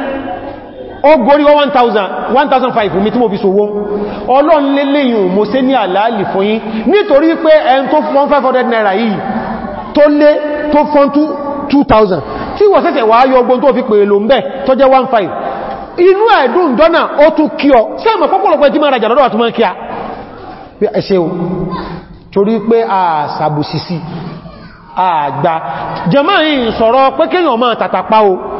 ó gorí 1000 1005 mi tí mo fi ṣòwò ọlọ́n lélẹ́yìn mo ṣe ní àlàálì fún yín nítorí pé ẹn tó fún 500 naira yìí tó lé tó fún 2000 tí wọ́n sẹ́sẹ̀ wà áyọ ogun tó fi pè lò ń bẹ́ tó jẹ́ 15 inú ẹ̀dùn dọ́nà ó tún kí ọ sẹ́mọ̀ pọ́pọ̀lọpọ̀ ẹjí mara jàdọ́dọ́ a ẹ̀ṣẹ́ o torí pé àṣàbòsìsí àgbà jẹ́mọ́ yìí sọ̀rọ̀ máa tàtàpá o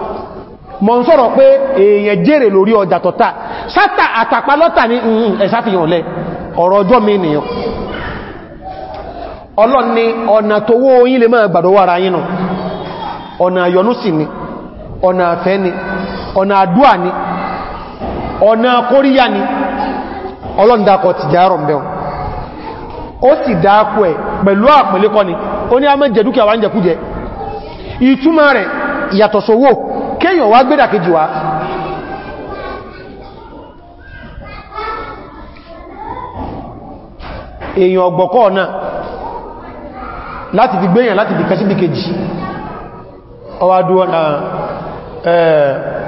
mọ̀ ń pé èèyàn jèrè lórí ọjà tọ́ta sátà àtàpá ní ẹ̀sáfihàn lẹ ọ̀rọ̀ ọjọ́ mi nìyàn ọlọ́ni ọ̀nà tówó yín lè máa gbàdọ̀wọ́ ara yín ọ̀nà yọnúsì ni ọ̀nà àfẹ́ ọ̀nà àdúà ni ọ̀nà kóríyà ni ti ó sì dákọ̀ ẹ̀ ni ó ní a mẹ́jẹ̀ wá ń rẹ̀ kéyàn wá gbédà wa wá èyàn ọgbọ̀kọ́ náà láti fi gbéyàn láti fi kẹsí bí kejì ọwádú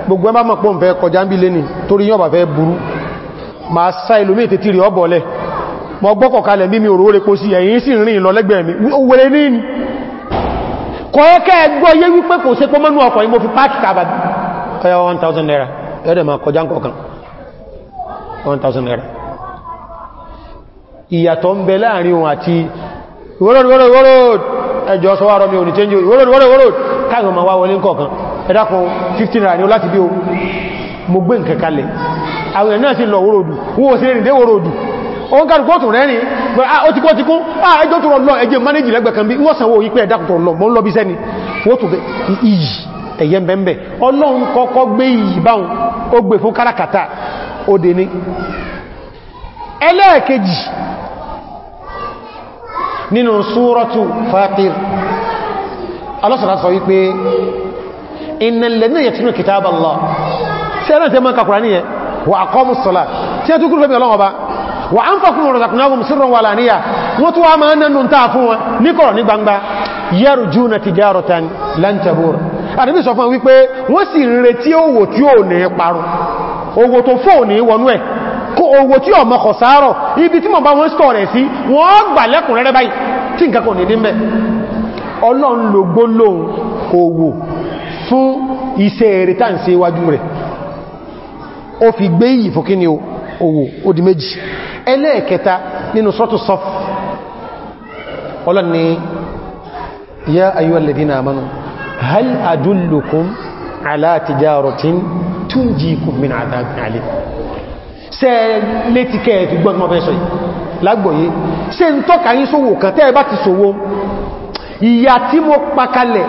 gbogbo ẹmà mọ̀ pọ̀ ń fẹ́ kọjá ń bí lé torí yọ́ bà fẹ́ burú ma sá ìlúmí ètètì rí ọbọ̀lẹ̀ mọ́ gbọ́kọ̀ kalẹ̀ mímí òróórekó sí ẹ̀yìn sí ìrìn ìlọ́lẹ́gbẹ̀ẹ́mí kọ̀ẹ́kẹ́ ẹgbọ́ yé wípé kò sí pọ́mọ́nú ọkọ̀ yí mo fi páàkì kàbàbí ọya 1000 naira ẹ̀rẹ̀ ma kọjá kọ̀kan 1000 naira ìyàtọ̀ ń bẹ láàrin òun àti wọ́rọ̀d wọ́rọ̀d wọ́rọ̀d ẹjọ́ sọwárọ̀ mi ò ní change wọ́rọ̀d wọ́rọ̀d wọ́rọ̀d káàkiri naira ni ó láti bí o mo gbé nǹkan kalẹ̀ àwọn ẹ̀ náà sì òun kàrù kóòtù rẹ́rin ó ti kó ti kún ah, ẹjọ́ tó rọlọ ẹjẹ́ manéjì lẹ́gbẹ̀kan bí wọ́n sanwó ipẹ́ ẹ̀dàkùtọ̀ lọ mọ́ lọ́bí sẹ́ni ọlọ́run kọ́kọ́ gbé iyì ó gbé fún káràkátà ó dé ní ẹlẹ́ẹ̀kejì nínú Fatir alọ́sọ̀lá sọ wípé innal ladhina yatluna kitaba Allah sí ẹ̀rẹ́ tẹ́ mọ́ kàkùrá ní ẹ a wà á ń fàkún rọ̀zàkùnáwò sírran wà láníyà wọ́n tó wá máa nánú ta fún wọn ní kọ̀rọ̀ ní gbangba yẹ́rù júnà ti járọ̀tán lántàbúrù àdébí sọ fún wípé wọ́n sì ń retí owó tí ó ní parun owó tó fò ní wọnú ẹ̀ kó owó tí ọmọ kọ̀ sáárọ̀ ibi tí mọ̀ bá wọ́n stọ̀ rẹ̀ sí wọ́n gbà lẹ́kùn rẹ́rẹ́ báyìí tí nǹkan kò ní ní mẹ́ ọlọ́run ló gbólóhùn owó fún iṣẹ́ èrè tàà ń iwájú rẹ̀ ó fi gbé yìí owó ó méjì ẹlẹ́ẹ̀kẹta nínú sọ́tù sọ́f ọlọ́ni ya ayyuha alladhina amanu hal adullukum ala tijaratin tunjikum min adhabin alim ṣe létíkẹ́ ẹ̀tù gbọ́n mọ́ fẹ́ sọ yìí lágbòye ṣe ń tọ́ka yín sówò kan tẹ́ẹ̀ bá ti sówó ìyà tí mo pakalẹ̀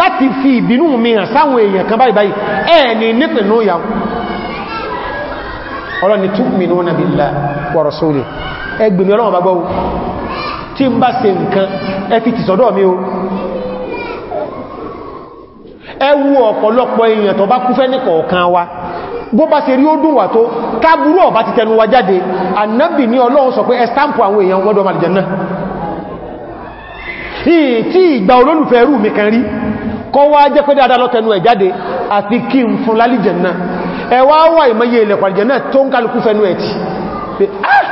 láti fi ìbínú mi hàn sáwọn èèyàn kan báyìí báyìí ẹ̀ẹ̀ni nípìnú ìyàwó ọlọ́ni tu'minuna billahi wa rasulihi ẹgbẹ̀mí ọlọ́wọ̀n bá gbọ́wọ́ tí ń bá ṣe nǹkan ẹfi ti sọ́dọ̀ mi o ọ̀pọ̀lọpọ̀ èèyàn wa bó bá rí ó dùn wà tó kábúrú ọ̀bá ti tẹnu wa jáde ànábì ní ọlọ́run sọ pé àwọn èèyàn wọ́dọ̀ náà tí ìgbà olólùfẹ́ rú mi kan rí kọ́ wá ẹwà wà ìmọ̀yẹ ilẹ̀ pàdìjẹ̀ náà tó ń kálukú fẹ́nu ẹ̀ tí pé ah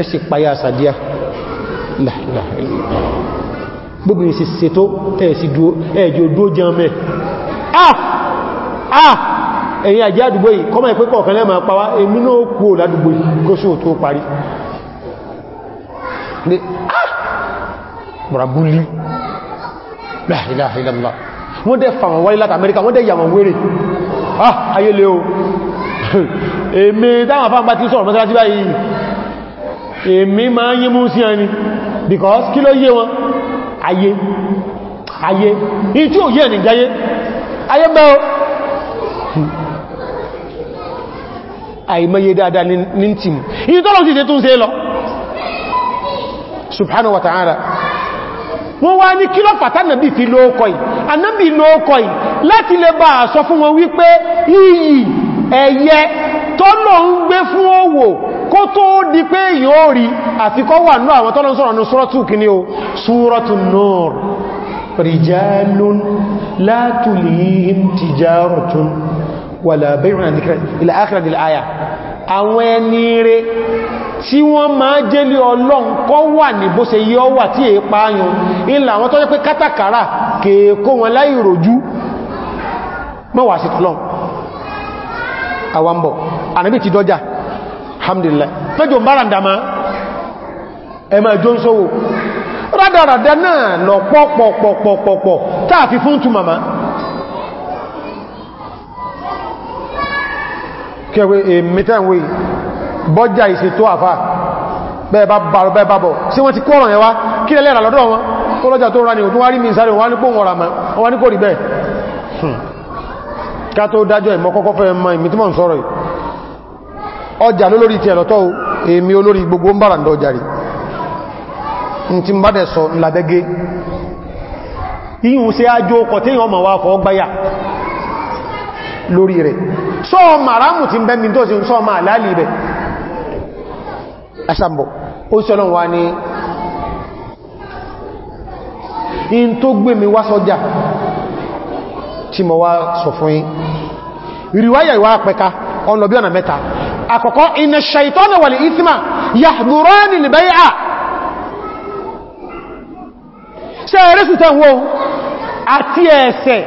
ẹ sì payá sàdíà gbogbo sì sètò ẹ̀ẹ̀jì odó jẹun mẹ́ ah ah ẹ̀yìn àjẹ́ àdúgbò yìí kọ́mọ̀ ìpé kọ̀ọ̀kan lẹ́mà pàwá èmi náà kú ò ládúgbò yìí kóṣò tó parí ní ah mọ̀ràbúlí láìláìlá wọ́n dẹ̀ fàwọn wáyé láti Amẹ́ríkà wọ́n dẹ̀ yàwọn wérè ah ayé lè o èmi táwọn afá ń bá ti sọ̀rọ̀ mọ́sálásí báyìí èmi máa yí mú sí ẹni because kí ló yé wọn ayé ayé in tí ò yé ẹni jayé ayé mẹ́ o àìmọye dáadáa ní tí mú in tọ́lọ̀ sí ṣe tún ṣe lọ subhanahu wa ta'ala wọ́n wá ní kí ló pàtàkì bí fi lóókọ̀ yìí anábì ló kọ̀ yìí láti lè bá sọ fún wọn wípé iyì ẹ̀yẹ tọ́lọ̀ ń gbé fún òwò kó tó di pé yóò rí àfikọ́ wà ní àwọn tọ́lọ̀ sọ̀rọ̀ ní súrọ́tù kìíní o súrọ́tù Nur rijalun tí wọ́n máa jẹ́lé ọlọ́run kọ́ wà ní bó ṣe yíó wà tí è pààyàn ilẹ̀ àwọn tó jẹ́ pé kátàkàrà kèèkó wọn láì rojú mọ́wà sí tọ́lọ́ àwambọ̀ ànábì ti dọ́jà alhamdulillah mẹ́jọ bárandàmá ẹmà jọ́nsọ́wò rádaràdá náà lọ pọ̀pọ̀pọ̀pọ̀pọ̀ táà fi fún tún màmá kẹwẹ́ èmìtàwẹ́ bọ́jà ìṣètò àfà bẹ́ẹ̀bá bàrọ̀ bẹ́ẹ̀bá bọ̀ sí wọ́n ti kó ọ̀rọ̀ yẹn wá kí lẹ́lẹ́ rà lọ́dọ̀ wọn tó lọ́jà tó rà ní òtún wá rí mi sáré wọ́n ní pò wọ́n rà mọ́ wọ́n ní kò rí bẹ́ẹ̀ hmm. ká tó dájọ́ ìmọ́ kọ́kọ́ fẹ́ mọ́ ìmì tí mọ́ ń sọ̀rọ̀ yìí ọjà lólórí ti ẹ̀lọ́tọ́ èmi sí ájó ọkọ̀ tí yíò mọ̀ wá fọ́ gbáyà lórí rẹ̀ sọ́ọ̀mà rámù ti bẹ́mi tó sì sọ́ọ̀mà àlálì rẹ̀ asambo ó sí ọlọ́run wá ní in tó gbé mi wá sọ́jà tí mo wá sọ fún yín ìrìwáyà ìwá pẹ̀ka ọ̀nà bí ọ̀nà mẹ́ta àkọ́kọ́ inna shaitana wal ithma yahdurani al-bay'a ṣe ẹ̀rẹ́ sùtẹ̀ wo àti ẹ̀ẹ̀sẹ̀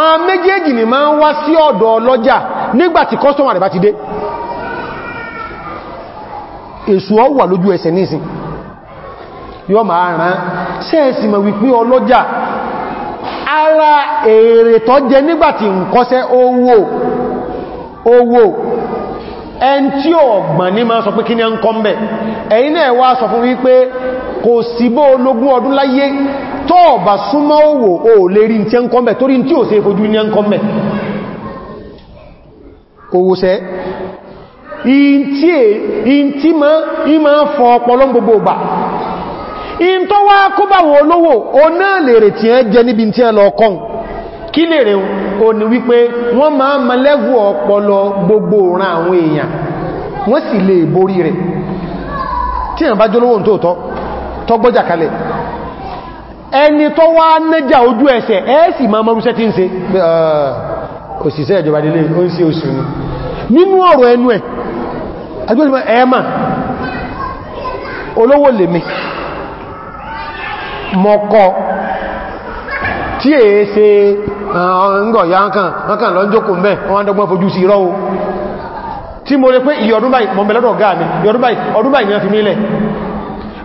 àwọn méjèèjì ni máa ń wá sí ọ̀dọ̀ ọlọ́jà nígbàtí kọ́sọ̀mà rẹ̀ bá ti dé èṣù ọ wà lójú ẹsẹ̀ nísìn yọ ma rán sẹ́ẹ̀sì mọ̀ wípé ọlọ́jà ara èrè tọ́ jẹ nígbàtí nkọ́sẹ́ owó owó ẹn tí ó gbọ̀n ní máa sọ pé kí ní ẹnkọ́ mẹ́ ẹ̀yìn náà wá sọ fún wípé kò síbó ológun ọdún láyé tó súnmọ́ owó o lè rí tí ẹnkọ́ mẹ́ torí tí ò sí fojú ní ẹnkọ́ mẹ́ owó sẹ́ in e, tí ma ń fọ ọpọlọ gbogbo ọgbà in tó wá kó bá wọn olówó o náà lè rè tí ẹ jẹ níbi tí ẹ lọ kọ́n kí lè rè o ní wípé wọ́n máa ma lẹ́gù ọpọlọ gbogbo ran àwọn èèyàn wọ́n sì lè borí rẹ̀ tí ẹ̀ bá jólówó tó tọ́ tọ́gbọ́jà kalẹ̀ ẹni tó wá nẹ́jà ojú ẹsẹ̀ ẹ́ sì máa mọ́rúsẹ́ tí ń ṣe òṣìṣẹ́ ìjọba délé ó ń ṣe oṣù ni nínú ọ̀rọ̀ ẹnu ẹ̀ agbẹ́sìmọ̀ ẹ̀ẹ́mà olówó lèmi mọ̀kọ̀ tí èé ṣe ọ̀ngọ̀ ya nǹkan nǹkan lọ jókòó mẹ́ wọ́n dọ́gbọ́n fojú sí rọ́ tí mo rẹ pé ìyọ̀dún báyìí mọ̀mẹ́lọ́dọ̀ gáà mi ìyọ̀dún báyìí ọdún báyìí ni fi mílẹ̀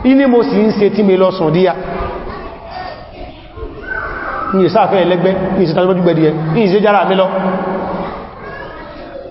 ilé mo sì ń ṣe tí mi lọ sùn díyà ní ìsáàfẹ́ ẹlẹ́gbẹ́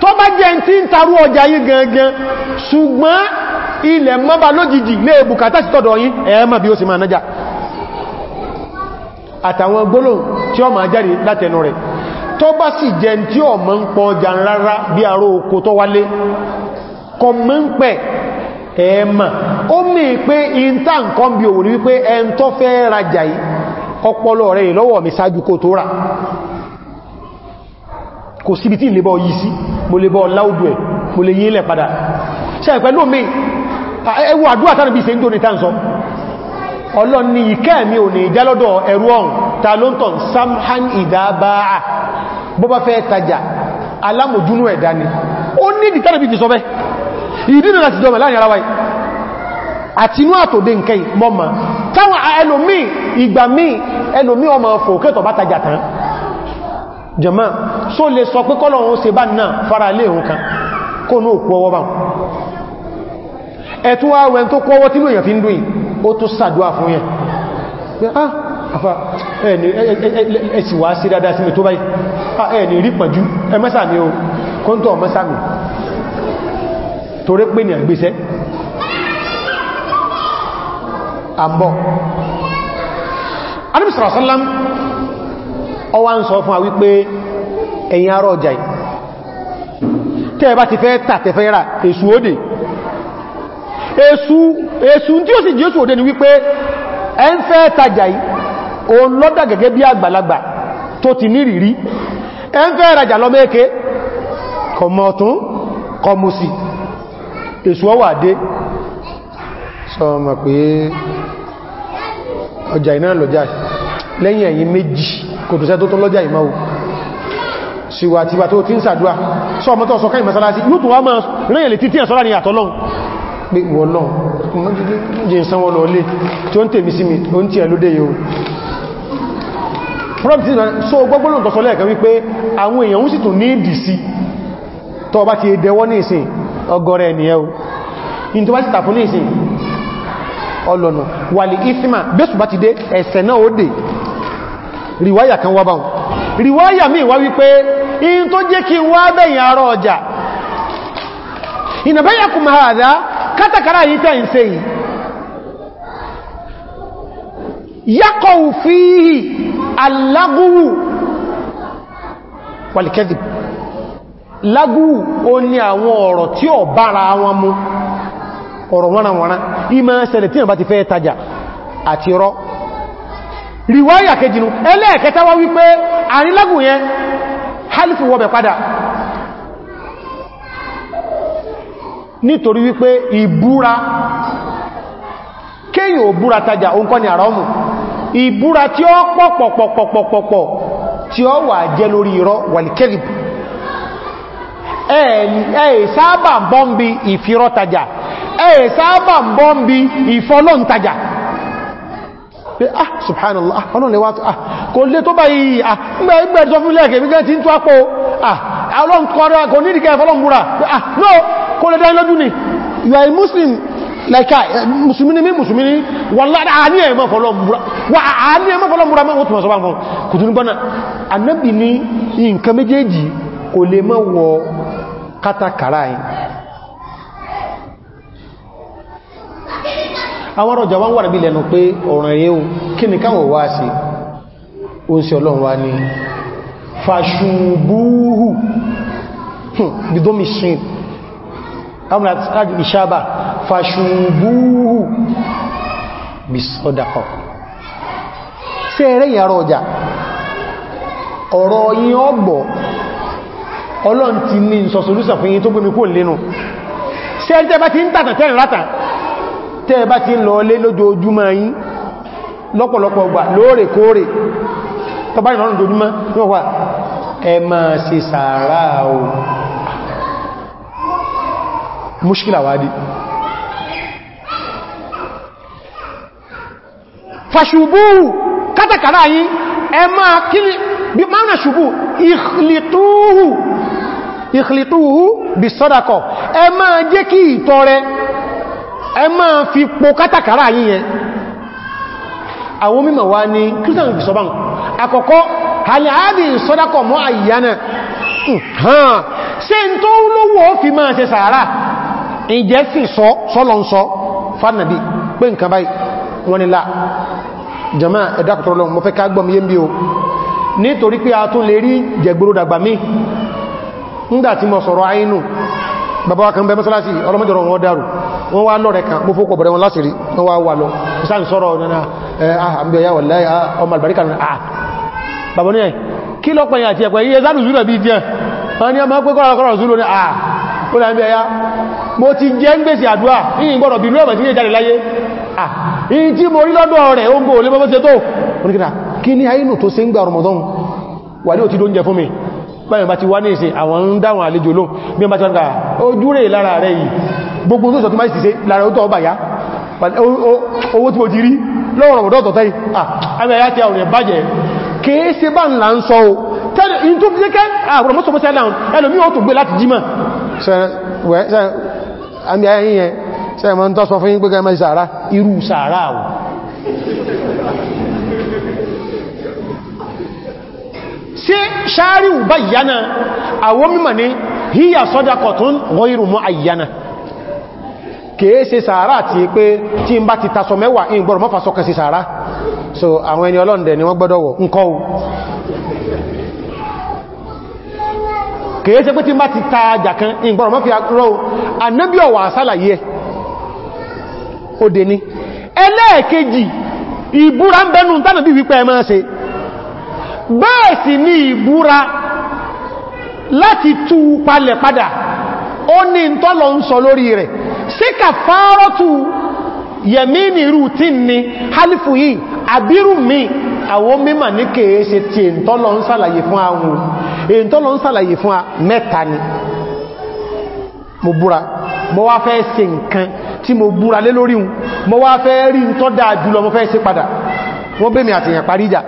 tó bá jẹ́ tí ń tarú ọjà yí gangan ṣùgbọ́n ilẹ̀ mọ́bá lójijì lé bùkátà sí tọ́dọ̀ yín ẹ̀ẹ́mà bí ó sì máa nájà àtàwọn gbólóhùn tí ó máa jáde látẹnu rẹ̀ tó bá sì jẹ́ tí ó mọ́ ń pọ ọjà rárá bí aró oko tó wálé kọ mọ́ ń pẹ̀ ẹ̀ẹ́mà ó mì pé ìntà nǹkan bí kò síbi tí ìlébọ̀ yìí sí mo lè bọ́ láúdù ẹ̀ mo lè yílẹ̀ padà ṣe pẹ̀lú mi ẹwọ àdúwà tánà bí i ṣe ń dóní tánsọ ọlọ́ni ìkẹ́ mi ò ní ìjálọ́dọ̀ ẹ̀rú ọ̀hún ta ló samhan ìdábáà bó bá fẹ́ tajà alámòjúnú ẹ̀dá ni ó ní ìdí tánà bí i fi sọ bẹ́ ìdínà láti jọ mẹ́láàrin ara wáyé àti inú àtòdé nkẹ́ mọ́mà táwọn ẹlòmí ìgbà mí ẹlòmí ọmọ fòkẹ́tọ̀ bá tajà tán jama so le sọ pé kọ́lọ̀ òun se bá náà fara lé òun kan kó ní òkú ọwọ́ bá ẹ̀tún àwẹ̀ tó kọ́ ọwọ́ tí lóyìn fi ń dùn ó tó sàdúwà fún yẹn ah, ẹ̀sì wá sí dáadáa sí mi tó báyìí ah, ẹ̀ẹ̀ni rí pàjú ẹmẹ́sà mi o kóntọ̀ ọmọ́sà mi torí pé ní àgbésẹ́ àmbọ̀ alìbìsọ̀rọ̀ sọ́lám ọ wá ń sọ fún wa wípé ẹ̀yin ará ọjà yìí tẹ́ bá ti fẹ́ tà tẹ́ fẹ́ rà èṣù òde èṣù tí ó sì jí èṣù òde ni wípé ẹ ń fẹ́ tajà yìí òun lọ́dà gẹ́gẹ́ bí àgbàlagbà tó ti ní rírí ẹ ń fẹ́ rajà lọ mẹ́ẹ̀kẹ́ kọmọ̀tún kọmùsì èṣù ọwà dé sọ́ọ̀mọ̀ pé ọjà ìnáà lẹ́yìn ẹ̀yin méjì kò tó sẹ́ tó tó lọ́jà ìmáwó síwà tí wà tó tí ń sàdúwà sọ ọmọ sọ káì masalasi yóò tó wá máa rẹ̀yẹ̀ lè títí ẹ̀sọ́rá ni àtọ́lọ́ pé wọ́lọ́ jẹ́ ìsanwọ́ lọ lé tí ó ń tèmi so gbogbolo nǹkan sọ lẹ́ẹ̀kan wípé àwọn èèyàn ń sì tún ní ìdìsí tó bá ti dẹwọ́ ní ìsìn ọgọ́rẹ̀ ẹni ẹ̀ in tó bá ti tàfún wà lè ìsìnmà bẹ́sù bá ti dé ẹ̀sẹ̀ náà ó dè riwaya kan wa bawo riwaya mi wa wipe in to je ki wa beyin aro oja ina bayakum hadha katakara yi ta insei yaqaw fihi al-lagu wal kadhib lagu oni awon oro ti o bara awon mu oro wona wona ima sele ti ba ti fe taja ati ro ríwáyà kejìnú ẹlẹ́ẹ̀kẹta wá wípé àrílágùn yẹn hálífù wọ́bẹ̀ padà nítorí wípé ìbúra kéyìn ò búra tajà òun kọ́ ni àrọ́mù ìbúra tí ó pọ̀pọ̀pọ̀pọ̀pọ̀ tí ó wà jẹ́ lórí irọ́ wàlìkẹ́rì ẹ̀ẹ̀ sábà bọ́m̀bí ìfirọ́ tajà ẹ̀ẹ̀ sábà bọ́m̀bí ìfọlọ́ntajà pé ah subhanallah ah, ọlọ́run lè wá tó ah kò lè tó báyìí ah gbẹ̀rẹ̀ sọ fún lẹ́ẹ̀kẹ́ gbígbẹ́ tí ń tó àpò ah ọlọ́run kọ́rọ̀ kò ní ìdíkẹ́ ọlọ́run múra ah no kò lè dá lójú ni you are a muslim like eh, musulmi ni mi musulmi ni wàlá àní ẹ̀mọ́ fọlọ́run múra àwọn ọ̀rọ̀ jàwọn wà níbi lẹ́nu pé ọ̀ràn yíò kí ní káwọn wá sí ó ń sí ọlọ́run wá ní fàṣùgbúhù bidomi ṣin amúra tàbí ìṣàbà fàṣùgbúhù bisọ́dakọ̀ sí ẹ̀rẹ́ ìyàrá ọjà ti ní ìsọ̀sọ̀lúsà tó gbé mi kó lénu sí ẹ̀rẹ́ bá ti ń tàtà ìrátà tẹ́ bá ti ń lọlé lójoojúmọ́ yín lọ́pọ̀lọpọ̀ ọgbà lóòrèkóòrè tọba ìrọ̀rùn lójúmọ́ ní ọwà ẹ máa ṣe sàárà o múṣkílà wádìí fàṣùbú kátàkàrà yìí ẹ máa kílì bí máa ṣùgbù ìhlìtúhù bí sọ́dakọ̀ ẹ máa jẹ́ kí ìtọrẹ ẹ máa fi po kátàkàrà yíyẹn àwọn mímọ̀ wá ní kírísàn fi sọ́bá àkọ́kọ́ hàlẹ̀ àádì sọ́dákọ̀ mọ́ àyíyànà hàn ṣe n tó lówó fi máa ṣe sàárà ìjẹ́ sì sọ sọ́lọ ń sọ fánàbí pé nǹkan báyìí wọ́n ni lá jama ẹ̀dàkùtọ̀rọ̀lọ́ mọ́ fẹ́ ká gbọ́m yé mbí o nítorí pé a tún lè rí jẹgbóró dàgbà mí nígbà tí bàbá wa kan bẹ mọ́sálásí ọlọ́mọdọ̀rọ̀ wọn dárò wọ́n wá lọ́rẹ̀ kan mú fókò bọ̀rẹ̀ wọn lásìrí wọ́n wá wà lọ ìsáà ń sọ́rọ̀ ọ̀nà àmìyà wà láyé ọmọ àlùbáríkà ní àà ah, bàbá ní ẹ̀ kí lọ́pẹ̀ yà àti ẹ̀pẹ̀ yíye zánù zúrẹ̀ bí díẹ̀ wọ́n ni ọmọ pẹ́ kọ́rọ̀ zúrò ní àà ó láyé ẹ̀yà mo ti jẹ́ ń gbèsè àdúrà yìí gbọ́rọ̀ se tó oníkìtà kí ní ah, àínú tó se ń gbà Ramadan wà ní òtí ló ń jẹ fún mi báyìí bá ti wá ní ìsìn àwọn ń dáwọn àlejò lóhun bí wọ́n bá ti wọ́n gbára ojú rẹ̀ lára rẹ̀ yìí gbogbo tó sọ tó máa ìsìsẹ́ lára ó tọ́ ọba yá owó tí mo ti rí lọ́wọ́ ọ̀dọ́ tọ́tẹ́ àmì àyá ti àwọn ìbàjẹ́ kìí ṣe bá ńlá ń sọ o tẹ́lẹ̀ in tó fi jẹ́ kẹ́ àwọn ọmọ sọmọ́sẹ́ láhùn ẹlòmí ó tó gbé láti jímọ̀ àmì àyá yìí yẹn sẹ́yìn mọ́ ń tọ́ sọ fún yín pé kẹ́ mẹ́ sàárá irú sàárá o sí ṣáàrí ù bayyana àwọn mímọ̀ ní híyà sadaqatun ghayru muayyana kèé ṣe sàárà àti pé tí ń bá ti tasọ mẹ́wàá in gbọ́rọ̀ mọ́fà sí sàárà so àwọn ẹni ọlọ́ndẹ̀ ni wọ́n gbọ́dọ̀ wọ̀ ta àjà kan in gbọ́rọ̀ mọ́fà rọ́ anábí ọ̀wà àsálàyé ó dé ní ẹlẹ́ẹ̀kejì ìbúra ń bẹnu tánàbí wípé ẹ ṣe bẹ́ẹ̀ sì ní ìbúra láti tú palẹ̀ padà ó ní tọ́lọ ń sọ lórí rẹ̀ sí kàfàárọ́tù yẹ̀mínì rútín ni halifu yìí àbírù mi àwọn mímọ̀ ní kèése tí ìntọ́lọ ń sàlàyé fún àwọn ìntọ́lọ ń sàlàyé fún a mẹ́ta ni mo búra mo wá fẹ́ ṣe nǹkan tí mo búra lé lórí hun mo wá fẹ́ rí ń dáa jùlọ mo fẹ́ ṣe padà wọ́n bẹ́ mi àtìyàn parí ìjà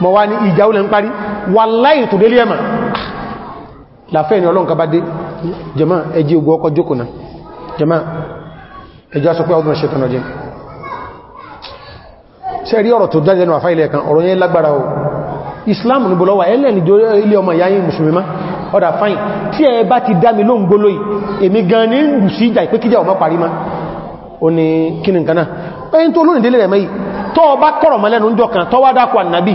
mọ̀ wá ní ìjà olè ń parí wà láì tó délé ẹ̀mà láfẹ́ ni ọlọ́nkà bá dé jẹma ẹjí ogun ọkọ̀ jókòna jẹma ẹjá sọ pé ọdún ṣetán ọjẹ́ sẹ́rí ọ̀rọ̀ tó jáde náà Islam ní bọ́lọ́wà ẹlẹ́ ni ilé ọmọ ìyá yìí mùsùlùmí má ọ̀dà fáìn tí ẹ bá ti dá mi ló ń gbóló yìí èmi gan ní ìlú sí ìjà ìpé kíjà ọmọ parí má o ní kí ni nǹkan náà ẹni tó lónìí délé rẹ̀ mẹ́yìí tọ́ ọba kọ̀rọ̀ mọ́lẹ́nu ń jọ kan tọ́wádàkọ̀ ànàbí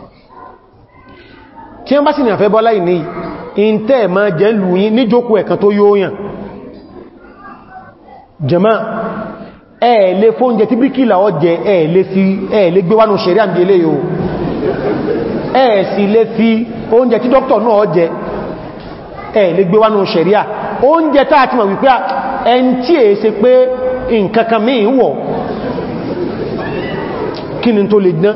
tí wọ́n bá sì ní àfẹ́ bọ́lá ìní ìntẹ́ ma jẹ́ lù yí ní jókòó ẹ̀kan tó yóòyàn jẹ́mà ẹ̀ẹ̀lẹ́ fóúnjẹ tí bíkìlà ọjẹ́ ẹ̀ẹ̀lẹ́ gbé wánú ṣẹ̀rí àndélé yóò ẹ̀ẹ̀sì lé fi oúnjẹ tí dókítà náà ọjẹ́ ẹ̀ẹ̀lẹ́ gbé wánú ṣẹ̀rí à oúnjẹ táà ti mọ̀ wípé ẹn tí è ṣe pé nǹkankan míì wọ̀ kí ni tó lè dán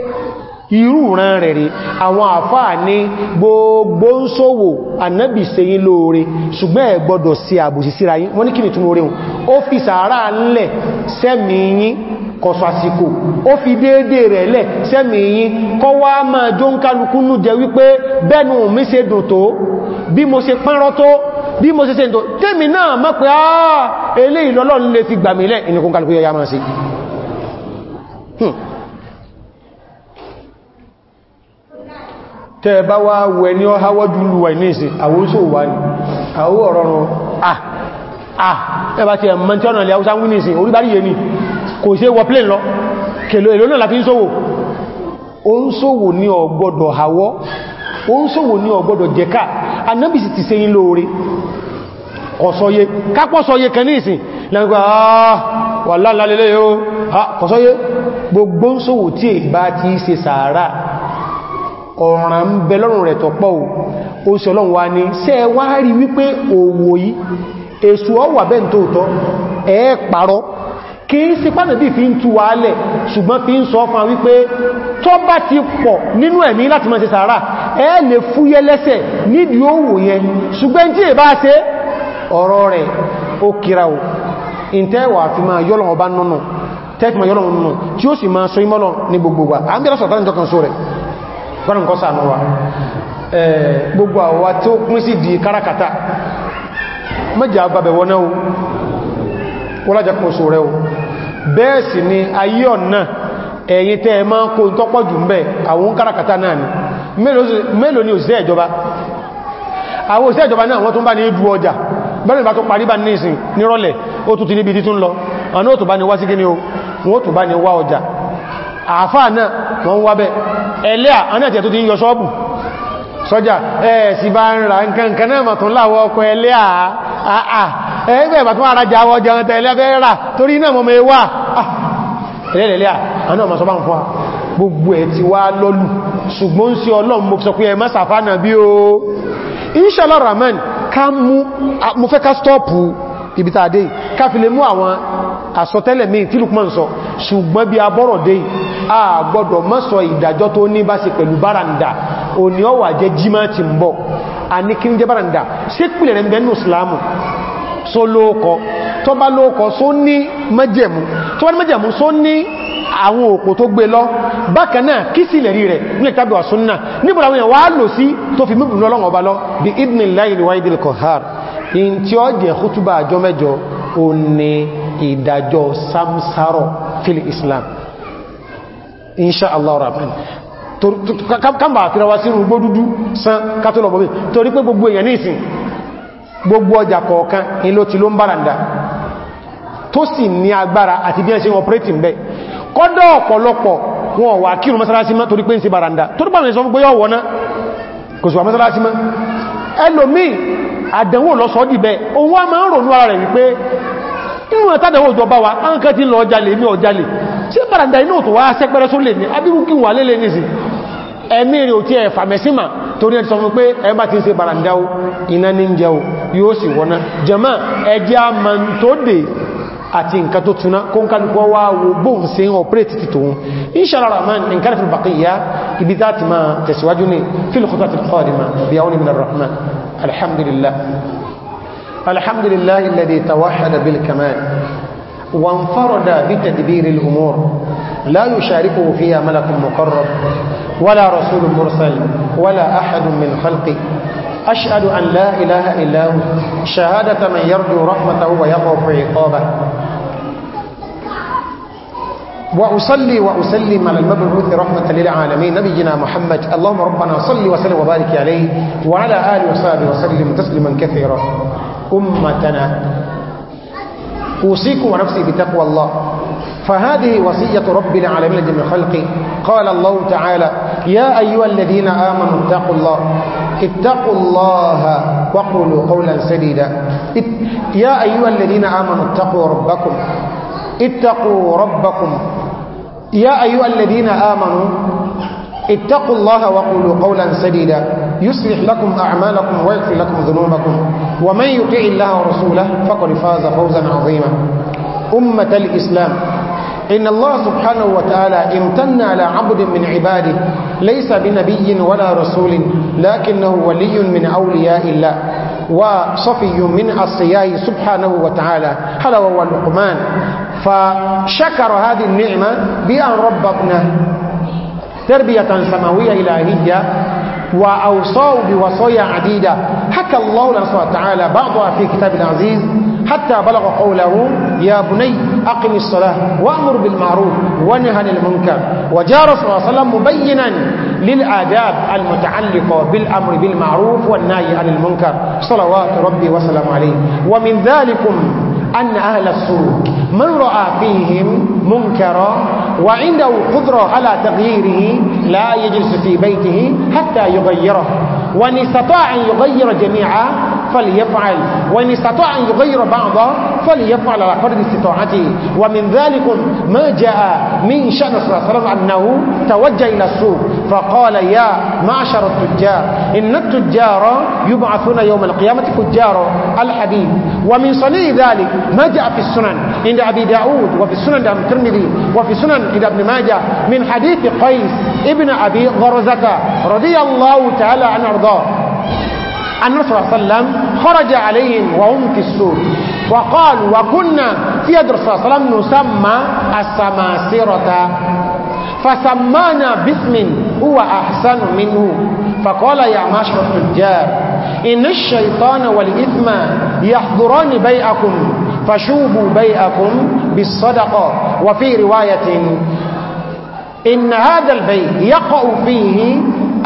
irú ran rẹ̀ rí àwọn àfáà ní gbogbo ń sówò ànábì ṣe yín lóore ṣùgbọ́n ẹ gbọ́dọ̀ sí àbòsí síra yín wọ́n ní kí ni túnmọ̀ rí wọn ó fi sàárà ńlẹ̀ sẹ́mì yín kọ̀sọ̀ àsìkò ó fi déédé rẹ̀ lẹ̀ sẹ́mì yín kọ́ wá máa jó ń kálukú yọ tẹ́ bá wá wẹ ní ọ háwọ́dú lùwà ìmẹ́sì àwọ́sò wà ní àwọ́ ọ̀rọ̀rùn àà ah, ah, ẹbá ti ẹ̀mọ́ tí ọ̀nà ilẹ̀ haúsá wí nìsìn oríbárí yẹ ní kò ṣe wọ plane lọ kèlò èlò náà láti ń ṣòwò ó ń ṣòwò ní ọgbọ́dọ̀ àwọ́ ó ń ṣòwò ní ọgbọ́dọ̀ jẹ́ká anábìsì ti ṣe yín lóore kọ̀sọ́yé ah, gbogbo ń ṣòwò tí èbá ti ṣe sàárà ọ̀ràn ń bẹ lọ́rùn rẹ̀ tọ̀pọ̀ o sí ọlọ́run wa ní ṣe wá rí wípé òwò yìí èsù ọwà bẹ́ tóòtọ́ ẹ parọ́ kí sí pánàbí fi ń túwà alẹ̀ ṣùgbọ́n fi ń sọ fún wípé tó bá ti pọ̀ nínú ẹ̀mí láti máa ṣe sàárà ẹ lè fúyẹ́ lẹ́sẹ̀ nídìí òwò yẹn ṣùgbọ́n tí è bá ṣe ọ̀rọ̀ rẹ̀ ó kíra ò ìntẹ́wà fi máa yọ́lọ̀ ọba nọ́nà tẹ́fì máa yọ́lọ̀ nọ́nà tí ó sì máa sọ ìmọ́lọ̀ ní gbogbogbà kọ́nà sa ní wa gbogbo àwa tí ó pín sí di karakata mẹ́jẹ̀ agbábẹ̀ wọ́n náà wọ́n lájẹ́kùn oṣù rẹ̀ o bẹ́ẹ̀ sì ni ayé ọ̀nà ẹ̀yìn tẹ́ ẹ máa kó tọ́pọ̀ jù ń àwọn karakata náà ni mélòó ni ìjọba àwọn ìjọba náà wọ́n tún bá ní ọjà bẹ́rẹ̀ bá tó parí bá ní ìsìn nírọ̀lẹ̀ ó tún ti níbi o wọ́n bá ní wá ọjà náà wọ́n ẹlẹ́à anẹ́tẹ̀ tó ti ń yọ ṣọ́ọ̀bù sọ́jà ẹ̀ẹ̀sì bá ń ra nǹkan náà mà tún láwọ ọkọ̀ ẹlẹ́à àà ẹgbẹ́ ìbà tún ara jáwọ jẹun tẹ ẹlẹ́fẹ́ rà torí náà mọ́ mẹ́wà ẹlẹ́lẹ́lẹ́à aná ọmọ sọ́bá ń fún wa gbogbo ẹ̀ ti wá inshallah rahman ká mú mo fẹ́ ká stọ́ọ̀pù ibi tàdé ká fi mú àwọn àsọtẹ́lẹ̀ mi tí Lukman sọ ṣùgbọ́n bí abọ́rọ̀dé a gbọ́dọ̀ mọ́sọ ìdájọ́ tó ní bá ṣe pẹ̀lú báràndà o ní ọwà jẹ́ jímá ti ń bọ̀ a ní kí ń jẹ́ báràndà ṣe pìlẹ̀ rẹ̀ nínú islamu so lóòkọ́ tó bá lóòkọ́ só ní mẹ́jẹ̀mú tó bá ní mẹ́jẹ̀mú só ní àwọn òpó tó gbé lọ bákanáà kí sí ilẹ̀ rẹ̀ nílẹ̀ tàbí wà súnnà níbùra àwọn èèyàn lò sí tó fi mímú lọ́lọ́wọ́ ọba lọ bí idnillahi al-wahid al-qahhar in tí ó jẹ́ kútùbà àjọ mẹ́jọ ò ìdájọ́ samsaro fil islam insha allah rahman kàmbà àfíra wá sínú gbó dúdú sán kátólọ̀ bọ̀bí torí pé gbogbo èèyàn ní ìsìn gbogbo ọjà kọ̀ọ̀kan ilò tí ló ń báranda tó sì ní agbára àti bí ẹ operating bẹ́ kọ́dọ̀ ọ̀pọ̀lọpọ̀ wọn wà kírù mọ́sálásí mọ́ torí pé ń ṣe báranda torí pàmì sọ gbóyọ̀ wọ́ná kò sì wà mọ́sálásí mọ́ ẹlòmí àdánwò lọ́sọ́dì nínú àtàdàwò ìjọba wa a ń kẹ́ ti lọ ọjálè ní ọjálè tí bàràndà inú tó wá sẹ́pẹ́rẹ́ só lè ní abíkúkí wà lélẹ̀ nìsí ẹ̀mí rẹ̀ ò tí ẹ̀ fàmẹ́símà torí ẹ̀ sọ fún pé ẹ bá ti ṣe bàràndà iná ní jẹ́ o yóò sì wọ́ná jẹ́mà ẹjẹ́ a ma ń tó dé àti nǹkan tó túná kó ń kálùkọ́ wá wo bóhùn sí ń ọ̀pẹ́rẹ́ títì tóhun inṣàlá rahman in kana fil baqiya ibi tá ti máa tẹ̀síwájú ní fil khutbatil alhamdulillah الحمد لله الذي توحد بالكمال وانفرد بتدبير الأمور لا يشاركه فيها ملك مقرب ولا رسول مرسل ولا أحد من خلقه أشهد أن لا إله إلا هو شهادة من يرجو رحمته ويخاف عقابه وأصلي وأسلم على المبعوث رحمة للعالمين نبينا محمد اللهم ربنا صل وسلم وبارك عليه وعلى آله وصحبه وسلم تسليما كثيرا أمتنا أوصيكم ونفسي بتقوى الله فهذه وصية رب العالمين من خلقه قال الله تعالى يا أيها الذين آمنوا اتقوا الله اتقوا الله وقولوا قولا سديدا يا أيها الذين آمنوا اتقوا ربكم اتقوا ربكم يا أيها الذين آمنوا اتقوا الله وقولوا قولا سديدا يصلح لكم أعمالكم ويغفر لكم ذنوبكم ومن يطع الله ورسوله فقد فاز فوزا عظيما أمة الإسلام إن الله سبحانه وتعالى امتن على عبد من عباده ليس بنبي ولا رسول لكنه ولي من أولياء الله وصفي من أصياء سبحانه وتعالى هل هو فشكر هذه النعمة بأن رب ابنه تربية سماوية إلهية وأوصاه بوصايا عديدة حكى الله سبحانه وتعالى بعضها في كتاب العزيز حتى بلغ قوله يا بني أقم الصلاة وأمر بالمعروف ونهى عن المنكر وجاء رسول الله صلى الله عليه وسلم مبينا للآداب المتعلقة بالأمر بالمعروف والنهي عن المنكر صلوات ربي وسلم عليه ومن ذلكم أن أهل السوق من رأى فيهم منكرا وعنده قدرة على تغييره لا يجلس في بيته حتى يغيره وإن استطاع أن يغير جميع فليفعل وإن استطاع أن يغير بعضا فليفعل على قدر استطاعته ومن ذلك ما جاء من شأن صلى الله عليه وسلم أنه توجه إلى السوق فقال يا معشر التجار إن التجار يبعثون يوم القيامة فجار الحديد ومن صنيع ذلك ما جاء في السنن عند أبي داود وفي السنن عند الترمذي وفي السنن عند ابن ماجه من حديث قيس ابن أبي غرزة رضي الله تعالى عنه أرضاه النبي صلى الله عليه وسلم خرج عليهم وهم في السوق وقال وكنا في يد الرسول صلى الله عليه وسلم نسمى السماسرة فسمانا باسم هو أحسن منه فقال يا معشر التجار إن الشيطان والإثم يحضران بيئكم فشوبوا بيئكم بالصدقة وفي رواية إن هذا البيت يقع فيه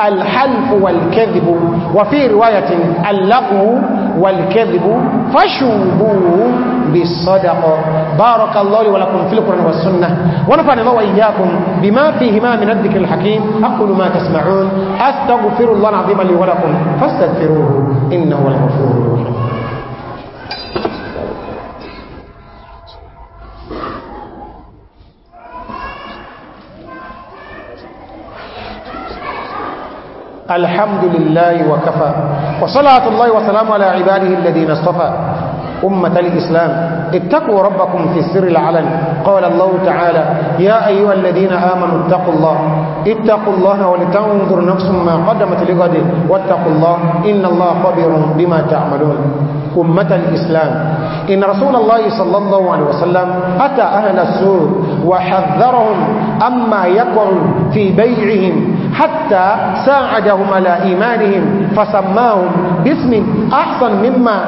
الحلف والكذب وفي رواية اللغو والكذب فشوبوه بالصدقة بارك الله لي ولكم في القرآن والسنة ونفعني الله وإياكم بما فيهما من الذكر الحكيم أقول ما تسمعون أستغفر الله العظيم لي ولكم فاستغفروه إنه الغفور الرحيم الحمد لله وكفى وصلاة الله وسلام على عباده الذين اصطفى أمة الإسلام اتقوا ربكم في السر العلن قال الله تعالى يا أيها الذين آمنوا اتقوا الله اتقوا الله ولتنظر نفس ما قدمت لغد واتقوا الله إن الله خبير بما تعملون أمة الإسلام إن رسول الله صلى الله عليه وسلم أتى أهل السور وحذرهم أما يقع في بيعهم حتى ساعدهم على إيمانهم فسماهم باسم أحسن مما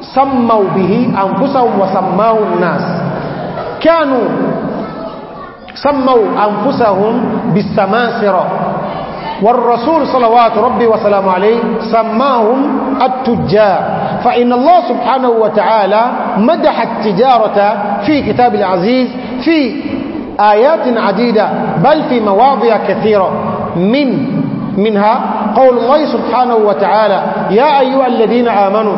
سموا به أنفسهم وسماه الناس كانوا سموا أنفسهم بالسماسرة والرسول صلوات ربي وسلام عليه سماهم التجار فإن الله سبحانه وتعالى مدح التجارة في كتاب العزيز في آيات عديدة بل في مواضع كثيرة من منها قول الله سبحانه وتعالى يا أيها الذين آمنوا